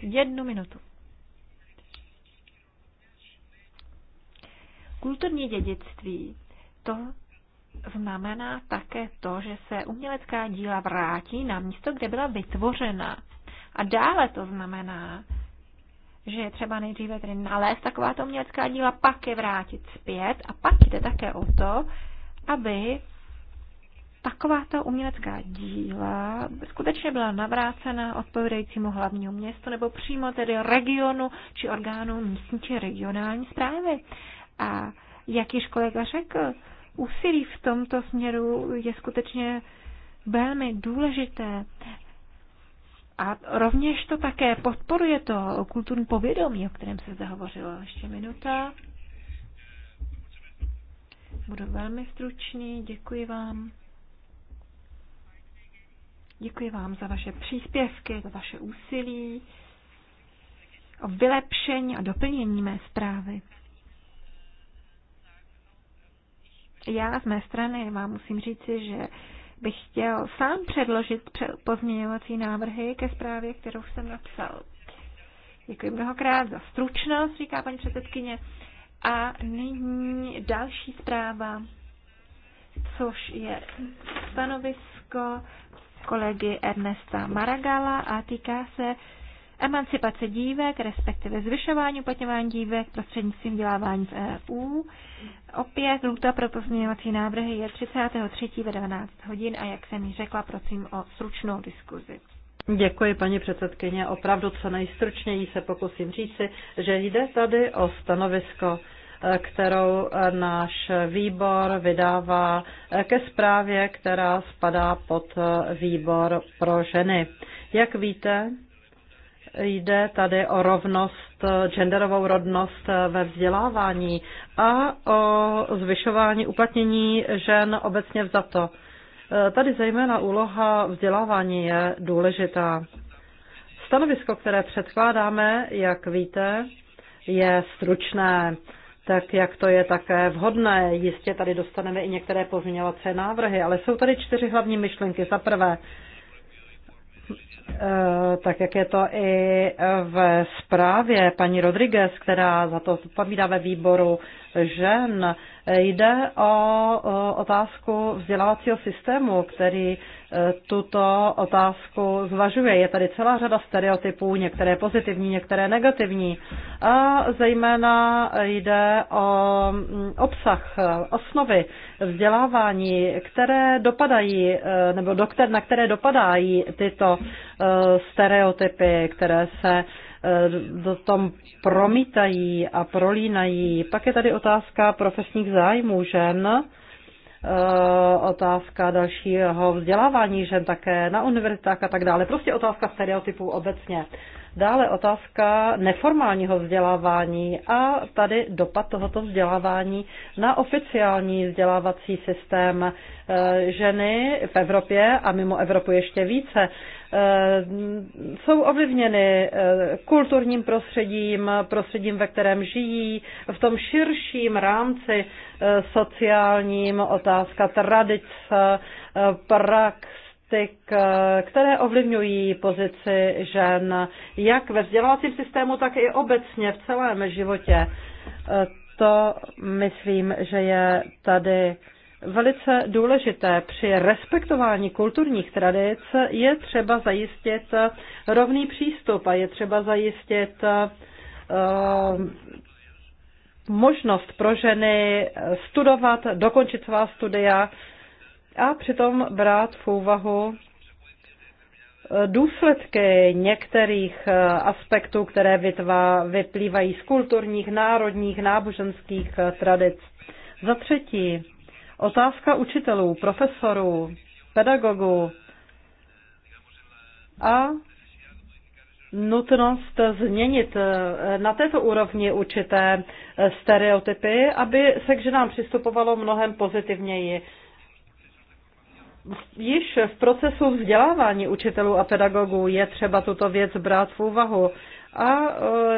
Jednu minutu. Kulturní dědictví, to znamená také to, že se umělecká díla vrátí na místo, kde byla vytvořena. A dále to znamená, že je třeba nejdříve tedy nalézt takováto umělecká díla, pak je vrátit zpět a pak jde také o to, aby takováto umělecká díla skutečně byla navrácena odpovědajícímu hlavnímu městu nebo přímo tedy regionu či orgánu místní či regionální zprávy. A jak již kolega řekl, úsilí v tomto směru je skutečně velmi důležité. A rovněž to také podporuje to kulturní povědomí, o kterém se zahovořilo. Ještě minuta. Budu velmi stručný. Děkuji vám. Děkuji vám za vaše příspěvky, za vaše úsilí o vylepšení a doplnění mé zprávy. Já z mé strany vám musím říci, že bych chtěl sám předložit pozměňovací návrhy ke zprávě, kterou jsem napsal. Děkuji mnohokrát za stručnost, říká paní předsedkyně. A nyní další zpráva, což je stanovisko kolegy Ernesta Maragala a týká se emancipace dívek, respektive zvyšování uplatňování dívek prostřednictvím vzdělávání v EU. Opět lhůta pro pozměňovací návrhy je 33. ve 12 hodin a jak jsem ji řekla, prosím o stručnou diskuzi. Děkuji, paní předsedkyně. Opravdu co nejstručněji se pokusím říci, že jde tady o stanovisko eh, kterou eh, náš výbor vydává eh, ke zprávě, která spadá pod výbor pro ženy. Jak víte, Jde tady o rovnost, genderovou rovnost ve vzdělávání a o zvyšování uplatnění žen obecně vzato. Tady zejména úloha vzdělávání je důležitá. Stanovisko, které předkládáme, jak víte, je stručné, tak jak to je také vhodné. Jistě tady dostaneme i některé pozměňovací návrhy, ale jsou tady čtyři hlavní myšlenky. Za prvé, Eh, tak jak je to i eh, v zprávě paní Rodriguez, která za to odpovídá ve výboru žen, eh, jde o otázku vzdělávacího systému, který tuto otázku zvažuje. Je tady celá řada stereotypů, některé pozitivní, některé negativní. A zejména jde o mm, obsah, osnovy vzdělávání, které dopadají, eh, nebo do, na které dopadají tyto eh, stereotypy, které se eh, do tom promítají a prolínají. Pak je tady otázka profesních zájmů žen, Eh, otázka dalšího vzdělávání žen také na univerzitách a tak dále. Prostě otázka stereotypů obecně. Dále otázka neformálního vzdělávání a tady dopad tohoto vzdělávání na oficiální vzdělávací systém eh, ženy v Evropě a mimo Evropu ještě více eh, jsou ovlivněny eh, kulturním prostředím, prostředím, ve kterém žijí, v tom širším rámci sociálním, otázka tradice prax, politik, eh, které ovlivňují pozici žen, jak ve vzdělávacím systému, tak i obecně v celém životě. Eh, to myslím, že je tady velice důležité. Při respektování kulturních tradic je třeba zajistit rovný přístup a je třeba zajistit eh, možnost pro ženy studovat, dokončit svá studia a přitom brát v úvahu eh, důsledky některých eh, aspektů, které vytvá, vyplývají z kulturních, národních, náboženských eh, tradic. Za třetí, otázka učitelů, profesorů, pedagogů a nutnost změnit na této úrovni určité stereotypy, aby se k ženám přistupovalo mnohem pozitivněji již v procesu vzdělávání učitelů a pedagogů je třeba tuto věc brát v úvahu a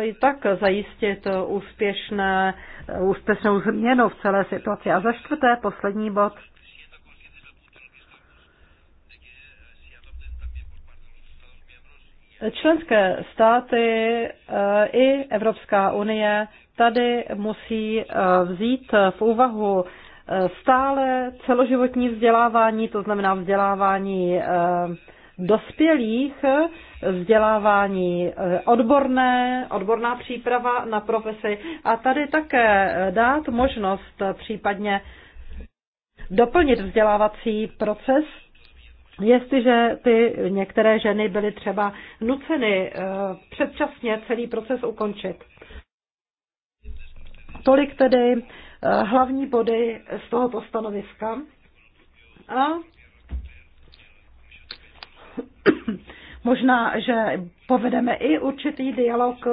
e, tak zajistit úspěšné, úspěšnou změnu v celé situaci. A za čtvrté, poslední bod. Členské státy e, i Evropská unie tady musí e, vzít v úvahu stále celoživotní vzdělávání, to znamená vzdělávání eh, dospělých, vzdělávání eh, odborné, odborná příprava na profesi a tady také eh, dát možnost případně doplnit vzdělávací proces, jestliže ty některé ženy byly třeba nuceny předčasně celý proces ukončit. Tolik tedy Eh, hlavní body z tohoto stanoviska. A možná, že povedeme i určitý dialog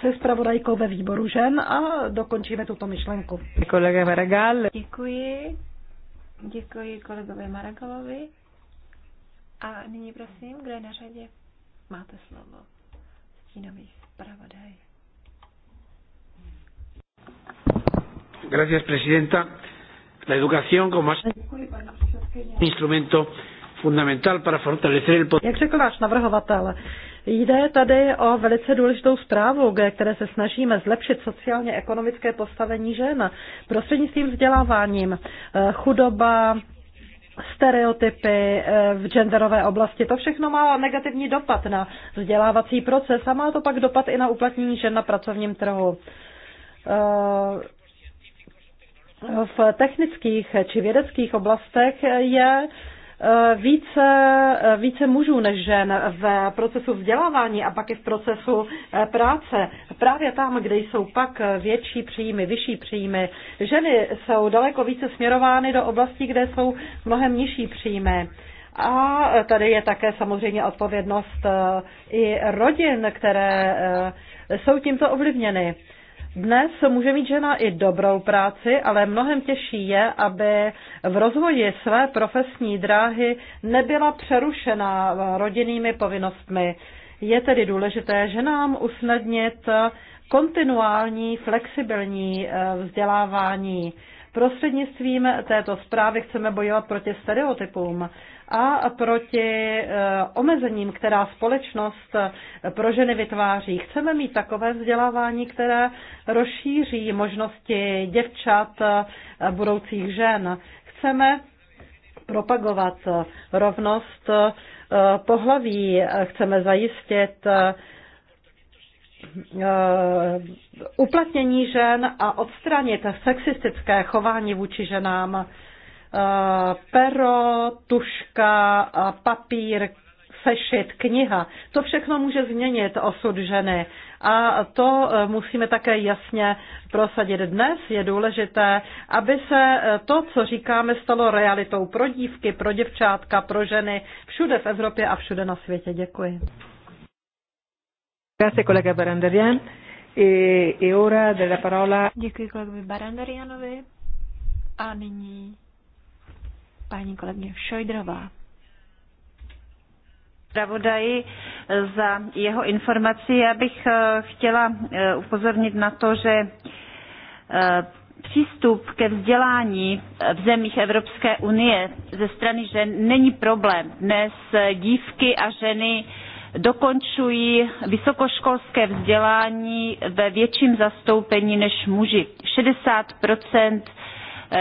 se zpravodajkou ve výboru žen a dokončíme tuto myšlenku. Kolega Maragal. Děkuji. Děkuji kolegovi Maragalovi. A nyní prosím, kdo je na řadě? Máte slovo. Stínový zpravodaj. Gracias, presidenta. La educación como instrumento fundamental para fortalecer el poder. Jak řekl váš navrhovatel, jde tady o velice důležitou zprávu, které se snažíme zlepšit sociálně-ekonomické postavení žen prostřednictvím vzděláváním. Eh, chudoba, stereotypy eh, v genderové oblasti. To všechno má negativní dopad na vzdělávací proces a má to pak dopad i na uplatnění žen na pracovním trhu. Eh, v technických či vědeckých oblastech je eh, více, eh, více mužů než žen v procesu vzdělávání a pak i v procesu eh, práce. Právě tam, kde jsou pak větší příjmy, vyšší příjmy. Ženy jsou daleko více směrovány do oblastí, kde jsou mnohem nižší příjmy. A tady je také samozřejmě odpovědnost i rodin, které jsou tímto ovlivněny. Dnes může mít žena i dobrou práci, ale mnohem těžší je, aby v rozvoji své profesní dráhy nebyla přerušena rodinnými povinnostmi. Je tedy důležité ženám usnadnit kontinuální, flexibilní eh, vzdělávání. Prostřednictvím této zprávy chceme bojovat proti stereotypům a proti eh, omezením, která společnost eh, pro ženy vytváří. Chceme mít takové vzdělávání, které rozšíří možnosti děvčat, eh, budoucích žen. Chceme propagovat rovnost pohlaví, chceme zajistit uplatnění žen a odstranit sexistické chování vůči ženám. Eh, pero, tuška, eh, papír, sešit, kniha. To všechno může změnit osud ženy. A to eh, musíme také jasně prosadit. Dnes je důležité, aby se to, co říkáme, stalo realitou pro dívky, pro děvčátka, pro ženy všude v Evropě a všude na světě. Děkuji. Grazie, kolega Barandarian. E, e ora della parola... Děkuji kolegovi Barandarianovi. A nyní paní kolegyně Šojdrová zpravodaji za jeho informaci. Já bych eh, chtěla eh, upozornit na to, že eh, přístup ke vzdělání v zemích Evropské unie ze strany žen není problém. Dnes dívky a ženy dokončují vysokoškolské vzdělání ve větším zastoupení než muži. 60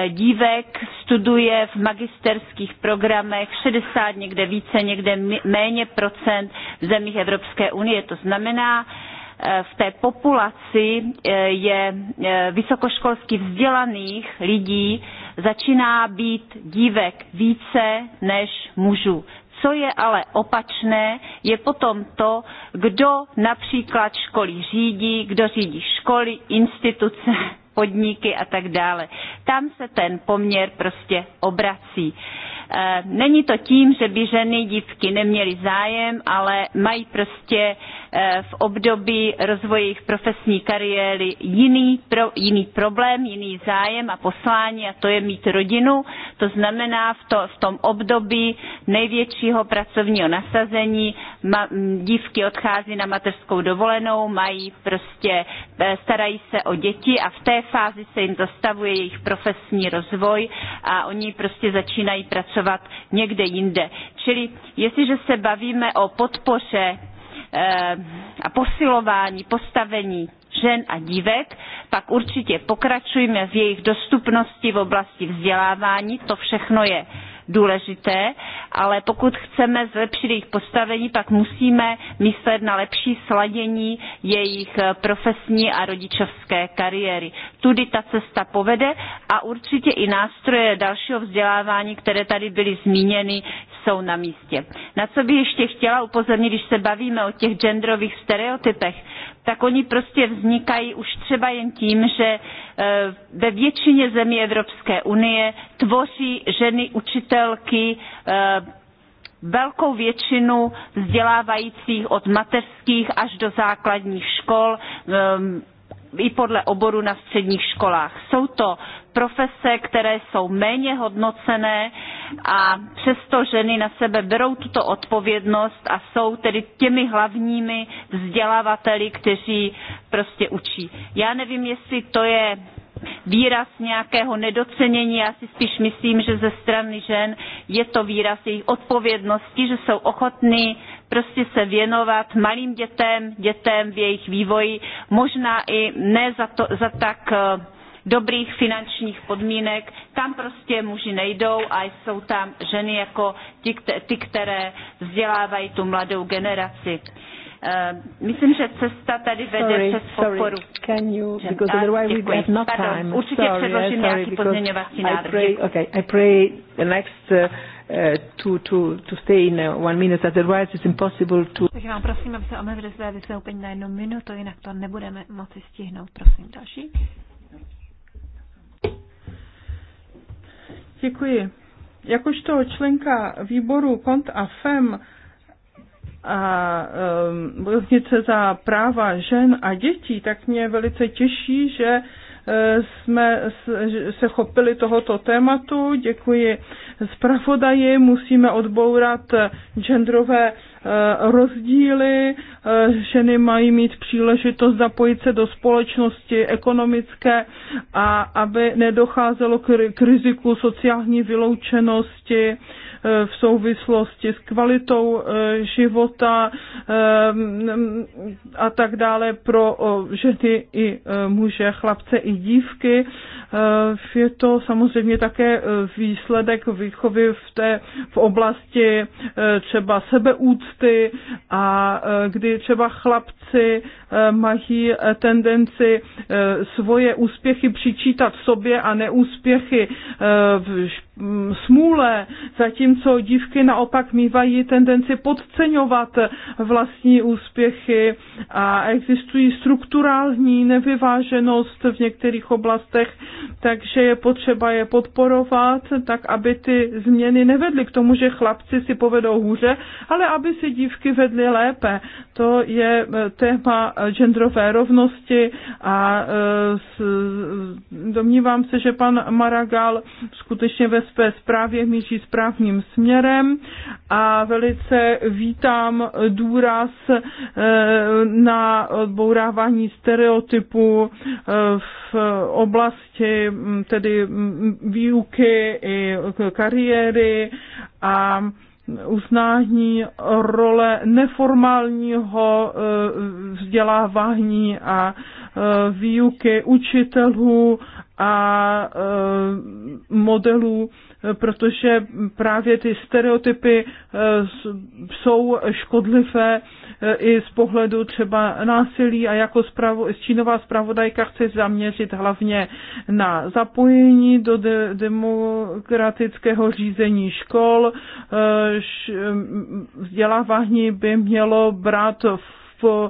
dívek studuje v magisterských programech 60, někde více, někde méně procent v zemích Evropské unie. To znamená, eh, v té populaci eh, je eh, vysokoškolsky vzdělaných lidí začíná být dívek více než mužů. Co je ale opačné, je potom to, kdo například školy řídí, kdo řídí školy, instituce podniky a tak dále. Tam se ten poměr prostě obrací. Eh, není to tím, že by ženy, dívky neměly zájem, ale mají prostě eh, v období rozvoje jejich profesní kariéry jiný, pro, jiný problém, jiný zájem a poslání a to je mít rodinu. To znamená v, to, v tom období největšího pracovního nasazení ma, dívky odchází na mateřskou dovolenou, mají prostě, eh, starají se o děti a v té fázi se jim dostavuje jejich profesní rozvoj a oni prostě začínají pracovat pracovat někde jinde. Čili jestliže se bavíme o podpoře eh, a posilování postavení žen a dívek, pak určitě pokračujeme v jejich dostupnosti v oblasti vzdělávání, to všechno je důležité, ale pokud chceme zlepšit jejich postavení, pak musíme myslet na lepší sladění jejich profesní a rodičovské kariéry. Tudy ta cesta povede a určitě i nástroje dalšího vzdělávání, které tady byly zmíněny, jsou na místě. Na co bych ještě chtěla upozornit, když se bavíme o těch genderových stereotypech, tak oni prostě vznikají už třeba jen tím, že eh, ve většině zemí Evropské unie tvoří ženy učitelky eh, velkou většinu vzdělávajících od mateřských až do základních škol eh, i podle oboru na středních školách. Jsou to profese, které jsou méně hodnocené a přesto ženy na sebe berou tuto odpovědnost a jsou tedy těmi hlavními vzdělavateli, kteří prostě učí. Já nevím, jestli to je výraz nějakého nedocenění. Já si spíš myslím, že ze strany žen je to výraz jejich odpovědnosti, že jsou ochotní prostě se věnovat malým dětem, dětem v jejich vývoji, možná i ne za, to, za tak eh, dobrých finančních podmínek. Tam prostě muži nejdou a jsou tam ženy jako ty, které vzdělávají tu mladou generaci. Eh, myslím, že cesta tady vede sorry, přes podporu. Can you, because otherwise we have not time. Určitě sorry, eh, předložím sorry, nějaký pozměňovací návrh. I pray, okay, I pray the next uh, Uh, to, to, to stay in uh, one minute, otherwise it's impossible to... Takže vám prosím, aby se omezili své vystoupení na jednu minutu, jinak to nebudeme moci stihnout. Prosím, další. Děkuji. Jakožto členka výboru KONT a FEM a um, bojovnice za práva žen a dětí, tak mě velice těší, že e, jsme se chopili tohoto tématu. Děkuji zpravodaji. Musíme odbourat genderové Eh, rozdíly, eh, ženy mají mít příležitost zapojit se do společnosti ekonomické a aby nedocházelo k riziku sociální vyloučenosti eh, v souvislosti s kvalitou života a tak dále pro ženy i muže, chlapce i dívky. Je to samozřejmě také výsledek výchovy v, té, v oblasti třeba sebeúcty, ústy a e, kdy třeba chlapci e, mají e, tendenci svoje úspěchy přičítat sobě a neúspěchy v Mm, smůle, zatímco dívky naopak mývají tendenci podceňovat vlastní úspěchy a existují strukturální nevyváženost v některých oblastech, takže je potřeba je podporovat, tak aby ty změny nevedly k tomu, že chlapci si povedou hůře, ale aby si dívky vedly lépe. To je eh, téma eh, genderové rovnosti a eh, domnívám se, že pan Maragal skutečně ve své zprávě míří správným směrem a velice vítám důraz eh, na odbourávání stereotypů eh, v oblasti mm, tedy mm, výuky i kariéry a uznání role neformálního eh, vzdělávání a výuky učitelů a e, modelů, protože právě ty stereotypy e, jsou škodlivé e, i z pohledu třeba násilí a jako zpravo, čínová zpravodajka chce zaměřit hlavně na zapojení do de- demokratického řízení škol. Vzdělávání by mělo brát v Eh,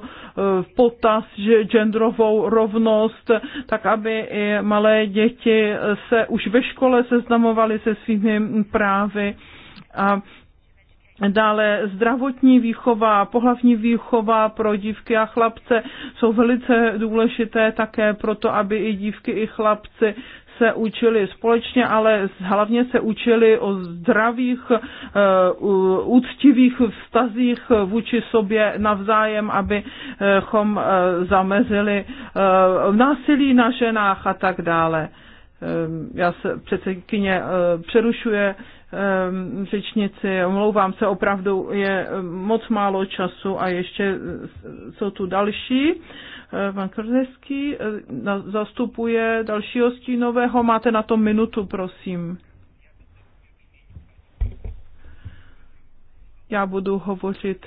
v potaz genderovou rovnost, tak aby i malé děti se už ve škole seznamovaly se svými právy. A Dále zdravotní výchova, pohlavní výchova pro dívky a chlapce jsou velice důležité také proto, aby i dívky i chlapci se učili společně, ale hlavně se učili o zdravých, eh, úctivých vztazích vůči sobě navzájem, abychom eh, eh, zamezili násilí na ženách a tak dále. Ehm, já se předsedkyně přerušuje ehm, řečnici, omlouvám se, opravdu je moc málo času a ještě jsou tu další Eh, pan Krneský eh, zastupuje dalšího stínového. Máte na to minutu, prosím. Já budu hovořit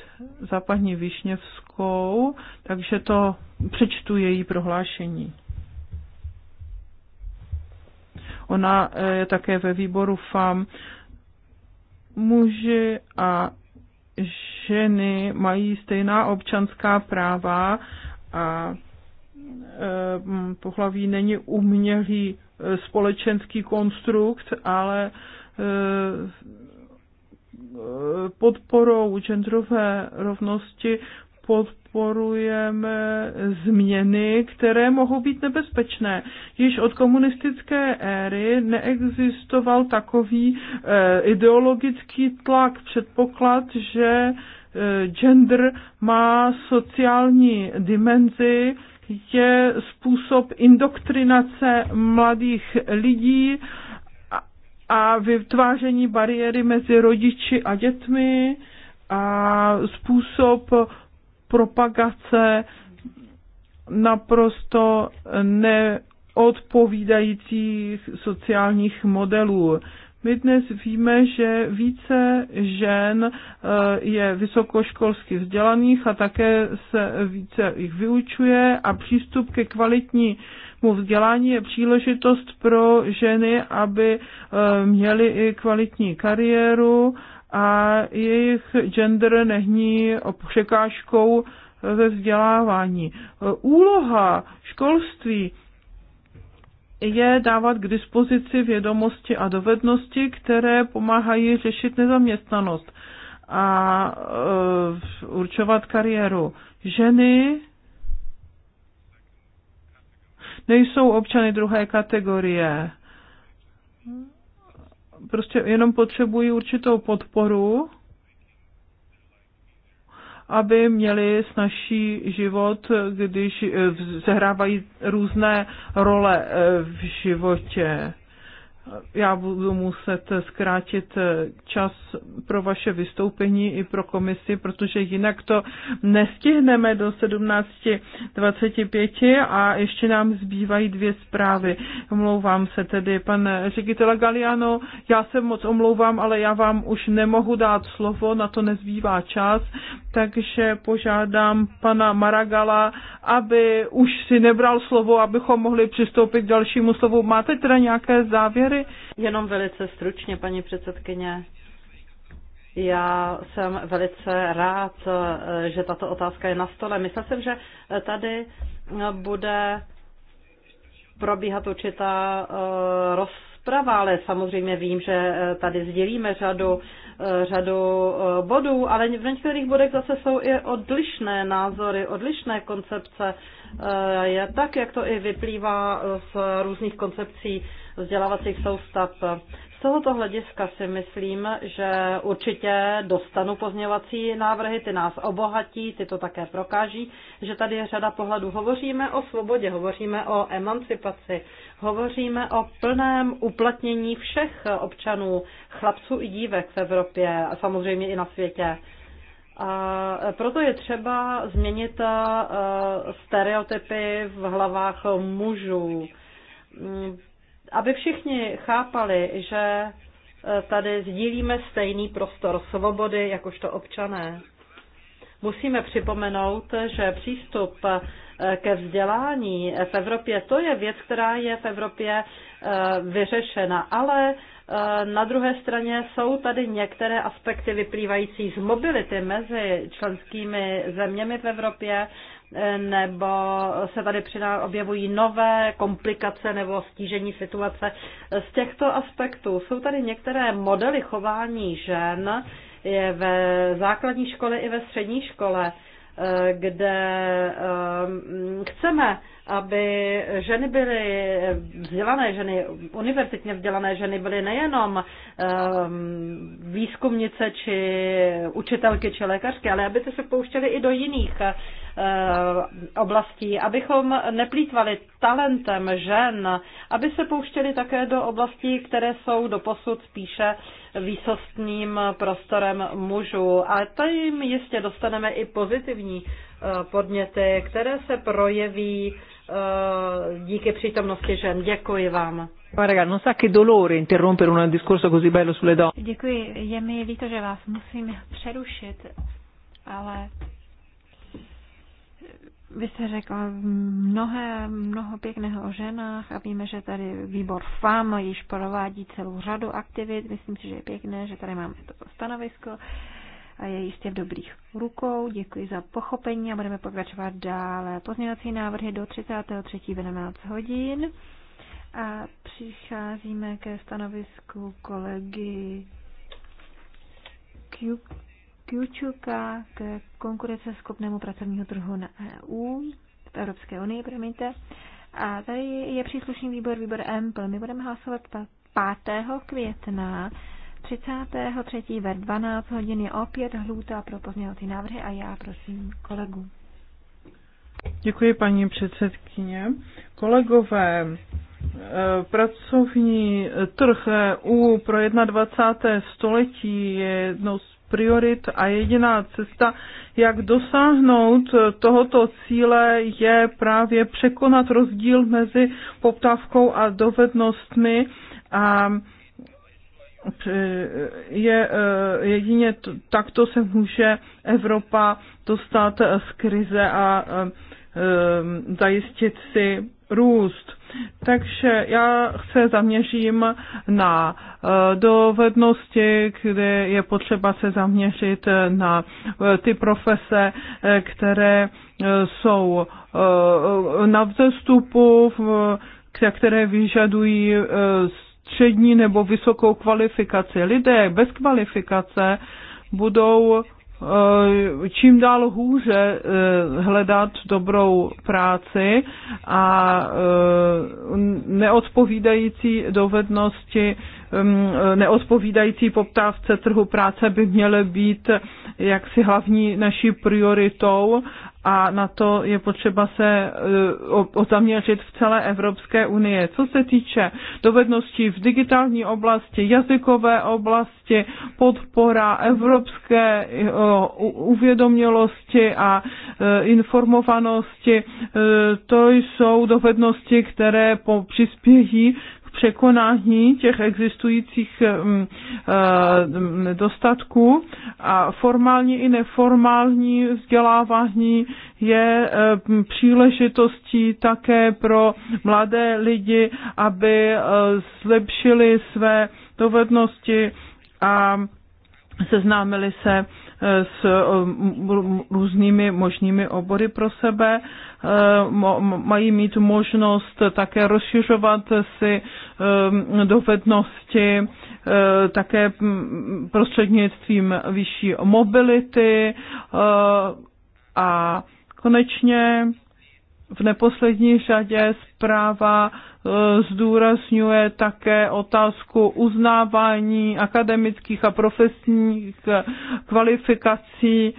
za paní Višněvskou, takže to přečtu její prohlášení. Ona eh, je také ve výboru FAM. Muži a ženy mají stejná občanská práva a e, pohlaví není umělý e, společenský konstrukt, ale e, podporou genderové rovnosti podporujeme změny, které mohou být nebezpečné. Již od komunistické éry neexistoval takový ideologický tlak, předpoklad, že gender má sociální dimenzi, je způsob indoktrinace mladých lidí a vytváření bariéry mezi rodiči a dětmi a způsob propagace naprosto neodpovídajících sociálních modelů. My dnes víme, že více žen eh, je vysokoškolsky vzdělaných a také se více jich vyučuje a přístup ke kvalitnímu vzdělání je příležitost pro ženy, aby eh, měly i kvalitní kariéru a jejich gender není překážkou eh, ve vzdělávání. Úloha školství je dávat k dispozici vědomosti a dovednosti, které pomáhají řešit nezaměstnanost a uh, určovat kariéru. Ženy nejsou občany druhé kategorie. Prostě jenom potřebují určitou podporu aby měli snažší život, když zehrávají eh, různé role eh, v životě. Já budu muset zkrátit eh, čas pro vaše vystoupení i pro komisi, protože jinak to nestihneme do 17.25 a ještě nám zbývají dvě zprávy. Omlouvám se tedy, pan ředitele Galiano, já se moc omlouvám, ale já vám už nemohu dát slovo, na to nezbývá čas, takže požádám pana Maragala, aby už si nebral slovo, abychom mohli přistoupit k dalšímu slovu. Máte teda nějaké závěry? hry? Jenom velice stručně, paní předsedkyně. Já jsem velice rád, že tato otázka je na stole. Myslel jsem, že tady bude probíhat určitá eh, rozprava, ale samozřejmě vím, že eh, tady sdělíme řadu, eh, řadu bodů, ale v některých bodech zase jsou i odlišné názory, odlišné koncepce Eh, je tak, jak to i vyplývá z různých koncepcí vzdělávacích soustav. Z tohoto hlediska si myslím, že určitě dostanu pozměvací návrhy, ty nás obohatí, ty to také prokáží, že tady je řada pohledů. Hovoříme o svobodě, hovoříme o emancipaci, hovoříme o plném uplatnění všech občanů, chlapců i dívek v Evropě a samozřejmě i na světě. A e, proto je třeba změnit e, stereotypy v hlavách mužů, mm, aby všichni chápali, že e, tady sdílíme stejný prostor svobody jakožto občané. Musíme připomenout, že přístup ke vzdělání v Evropě, to je věc, která je v Evropě vyřešena, ale Eh, na druhé straně jsou tady některé aspekty vyplývající z mobility mezi členskými zeměmi v Evropě, eh, nebo se tady objevují nové komplikace nebo stížení situace. Z těchto aspektů jsou tady některé modely chování žen je ve základní škole i ve střední škole, eh, kde chceme aby ženy byly vzdělané ženy, univerzitně vzdělané ženy byly nejenom ehm, výzkumnice či učitelky či lékařky, ale aby se pouštěly i do jiných eh, oblastí, abychom neplýtvali talentem žen, aby se pouštěli také do oblastí, které jsou doposud spíše výsostným prostorem mužů. A tady jistě dostaneme i pozitivní eh, podněty, které se projeví Eh, díky přítomnosti žen. Děkuji vám. Raga, non sa che dolore interrompere un discorso così bello sulle donne. Děkuji, je mi líto, že vás musím přerušit, ale vy jste řekl mnohé, mnoho pěkného o ženách a víme, že tady výbor FAM již provádí celou řadu aktivit. Myslím si, že je pěkné, že tady máme toto stanovisko a je jistě v dobrých rukou. Děkuji za pochopení a budeme pokračovat dále. Pozměňovací návrhy do 33. 11 hodin. A přicházíme ke stanovisku kolegy Kjučuka k konkurenceschopnému pracovního trhu na EU, v Evropské unii, promiňte. A tady je příslušný výbor, výbor EMPL. My budeme hlasovat 5. května 33. ve 12 hodin je opět hlůta pro pozměňovací návrhy a já prosím kolegu. Děkuji, paní předsedkyně. Kolegové, eh, pracovní trh EU pro 21. století je jednou z priorit a jediná cesta, jak dosáhnout tohoto cíle, je právě překonat rozdíl mezi poptávkou a dovednostmi a je eh, jedině takto se může Evropa dostat eh, z krize a eh, zajistit si růst. Takže já se zaměřím na dovednosti, kde je potřeba se zaměřit na ty profese, které jsou na vzestupu, které vyžadují střední nebo vysokou kvalifikaci. Lidé bez kvalifikace budou eh, čím dál hůře eh, hledat dobrou práci a eh, neodpovídající dovednosti Um, neodpovídající poptávce trhu práce by měly být jaksi hlavní naší prioritou a na to je potřeba se uh, zaměřit v celé Evropské unie. Co se týče dovedností v digitální oblasti, jazykové oblasti, podpora evropské uh, uvědomělosti a uh, informovanosti, to jsou dovednosti, které přispějí překonání těch existujících mm, eh, nedostatků a formální i neformální vzdělávání je eh, příležitostí také pro mladé lidi, aby eh, zlepšili své dovednosti a seznámili se s um, různými možnými obory pro sebe, eh, mají mít možnost také rozšiřovat si um, dovednosti eh, také mm, prostřednictvím vyšší mobility eh, a konečně v neposlední řadě zpráva e, zdůrazňuje také otázku uznávání akademických a profesních kvalifikací e,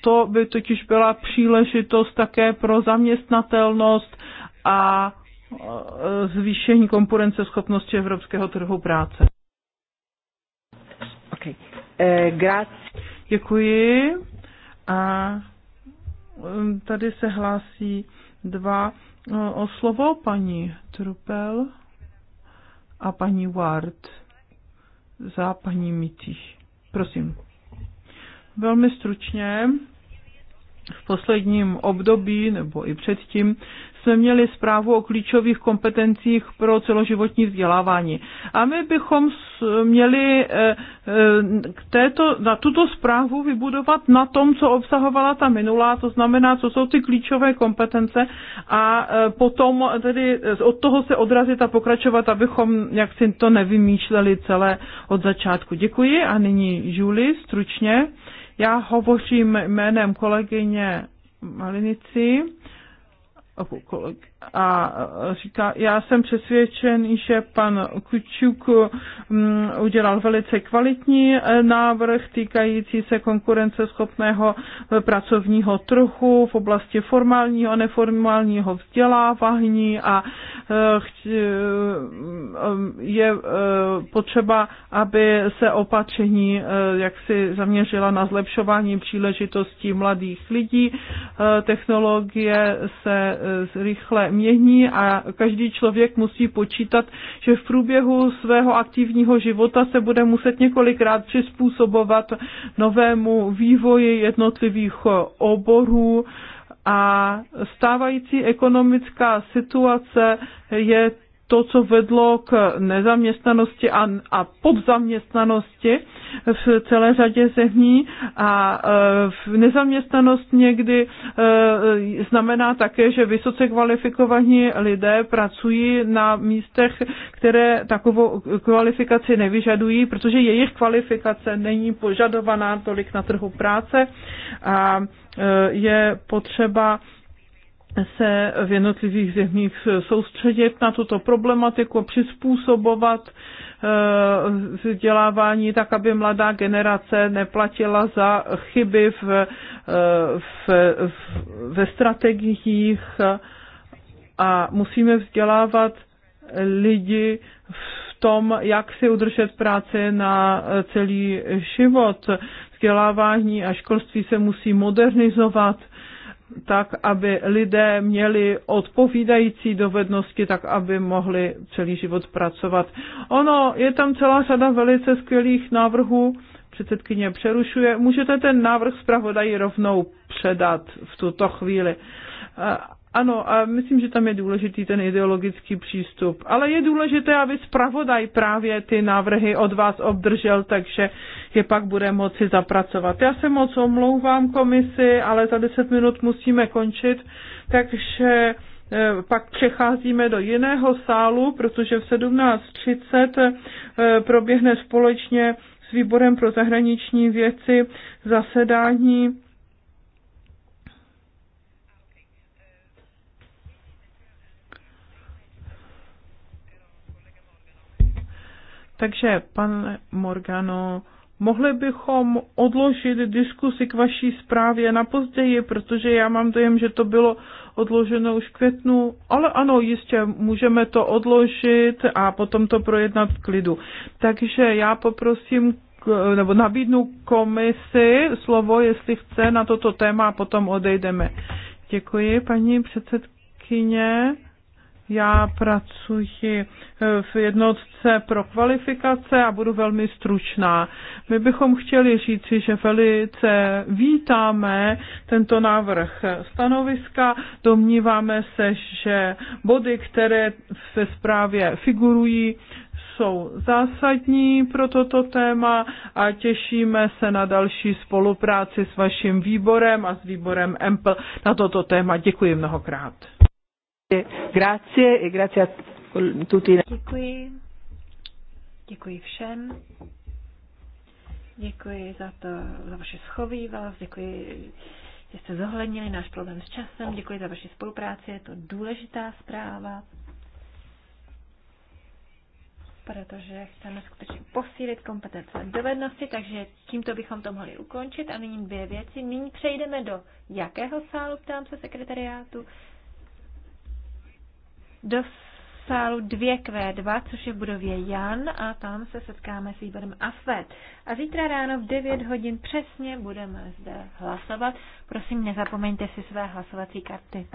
to by totiž byla příležitost také pro zaměstnatelnost a e, zvýšení konkurenceschopnosti evropského trhu práce. Okay. Eh, Děkuji. A tady se hlásí dva o slovo, paní Trupel a paní Ward za paní Mití. Prosím. Velmi stručně, v posledním období nebo i předtím jsme měli zprávu o klíčových kompetencích pro celoživotní vzdělávání. A my bychom měli eh, eh, k této, na tuto zprávu vybudovat na tom, co obsahovala ta minulá, to znamená, co jsou ty klíčové kompetence a eh, potom tedy od toho se odrazit a pokračovat, abychom jak si to nevymýšleli celé od začátku. Děkuji a nyní Julie stručně. Já hovořím jménem kolegyně Malinici okolik a říká, já jsem přesvědčen, že pan Kučuk mm, udělal velice kvalitní eh, návrh týkající se konkurenceschopného eh, pracovního trhu v oblasti formálního a neformálního vzdělávání a eh, mm, je potřeba, aby se opatření jak si zaměřila na zlepšování příležitostí mladých lidí. Technologie se rychle mění a každý člověk musí počítat, že v průběhu svého aktivního života se bude muset několikrát přizpůsobovat novému vývoji jednotlivých oborů a stávající ekonomická situace je to, co vedlo k nezaměstnanosti a, a podzaměstnanosti v celé řadě zemí. A e, nezaměstnanost někdy e, znamená také, že vysoce kvalifikovaní lidé pracují na místech, které takovou kvalifikaci nevyžadují, protože jejich kvalifikace není požadovaná tolik na trhu práce a e, je potřeba se v jednotlivých zemích soustředit na tuto problematiku, přizpůsobovat eh, vzdělávání tak, aby mladá generace neplatila za chyby v, eh, v, v, ve strategiích a musíme vzdělávat lidi v tom, jak si udržet práci na celý život. Vzdělávání a školství se musí modernizovat – tak, aby lidé měli odpovídající dovednosti, tak, aby mohli celý život pracovat. Ono, je tam celá řada velice skvělých návrhů, předsedkyně přerušuje. Můžete ten návrh zpravodají rovnou předat v tuto chvíli. Ano, a myslím, že tam je důležitý ten ideologický přístup. Ale je důležité, aby zpravodaj právě ty návrhy od vás obdržel, takže je pak bude moci zapracovat. Já se moc omlouvám komisi, ale za 10 minut musíme končit, takže eh, pak přecházíme do jiného sálu, protože v 17.30 eh, proběhne společně s výborem pro zahraniční věci zasedání Takže, pan Morgano, mohli bychom odložit diskusi k vaší zprávě na později, protože já mám dojem, že to bylo odloženo už v květnu, ale ano, jistě, můžeme to odložit a potom to projednat v klidu. Takže já poprosím nebo nabídnu komisi slovo, jestli chce, na toto téma a potom odejdeme. Děkuji, paní předsedkyně. Já pracuji eh, v jednotce pro kvalifikace a budu velmi stručná. My bychom chtěli říci, že velice vítáme tento návrh stanoviska. Domníváme se, že body, které ve zprávě figurují, jsou zásadní pro toto téma a těšíme se na další spolupráci s vaším výborem a s výborem EMPL na toto téma. Děkuji mnohokrát. Grazie e grazie a tutti. Děkuji. Děkuji všem. Děkuji za to, za vaši schovývalost, děkuji, že jste zohlednili náš problém s časem, děkuji za vaši spolupráci, je to důležitá zpráva, protože chceme skutečně posílit kompetence a dovednosti, takže tímto bychom to mohli ukončit a nyní dvě věci. Nyní přejdeme do jakého sálu, ptám se sekretariátu, do sálu 2Q2, což je v budově Jan a tam se setkáme s výborem AFED. A zítra ráno v 9 hodin přesně budeme zde hlasovat. Prosím, nezapomeňte si své hlasovací karty.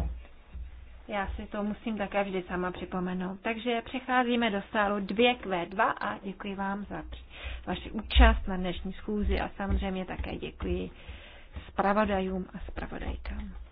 Já si to musím také vždy sama připomenout. Takže přecházíme do sálu 2Q2 a děkuji vám za vaši účast na dnešní schůzi a samozřejmě také děkuji zpravodajům a zpravodajkám.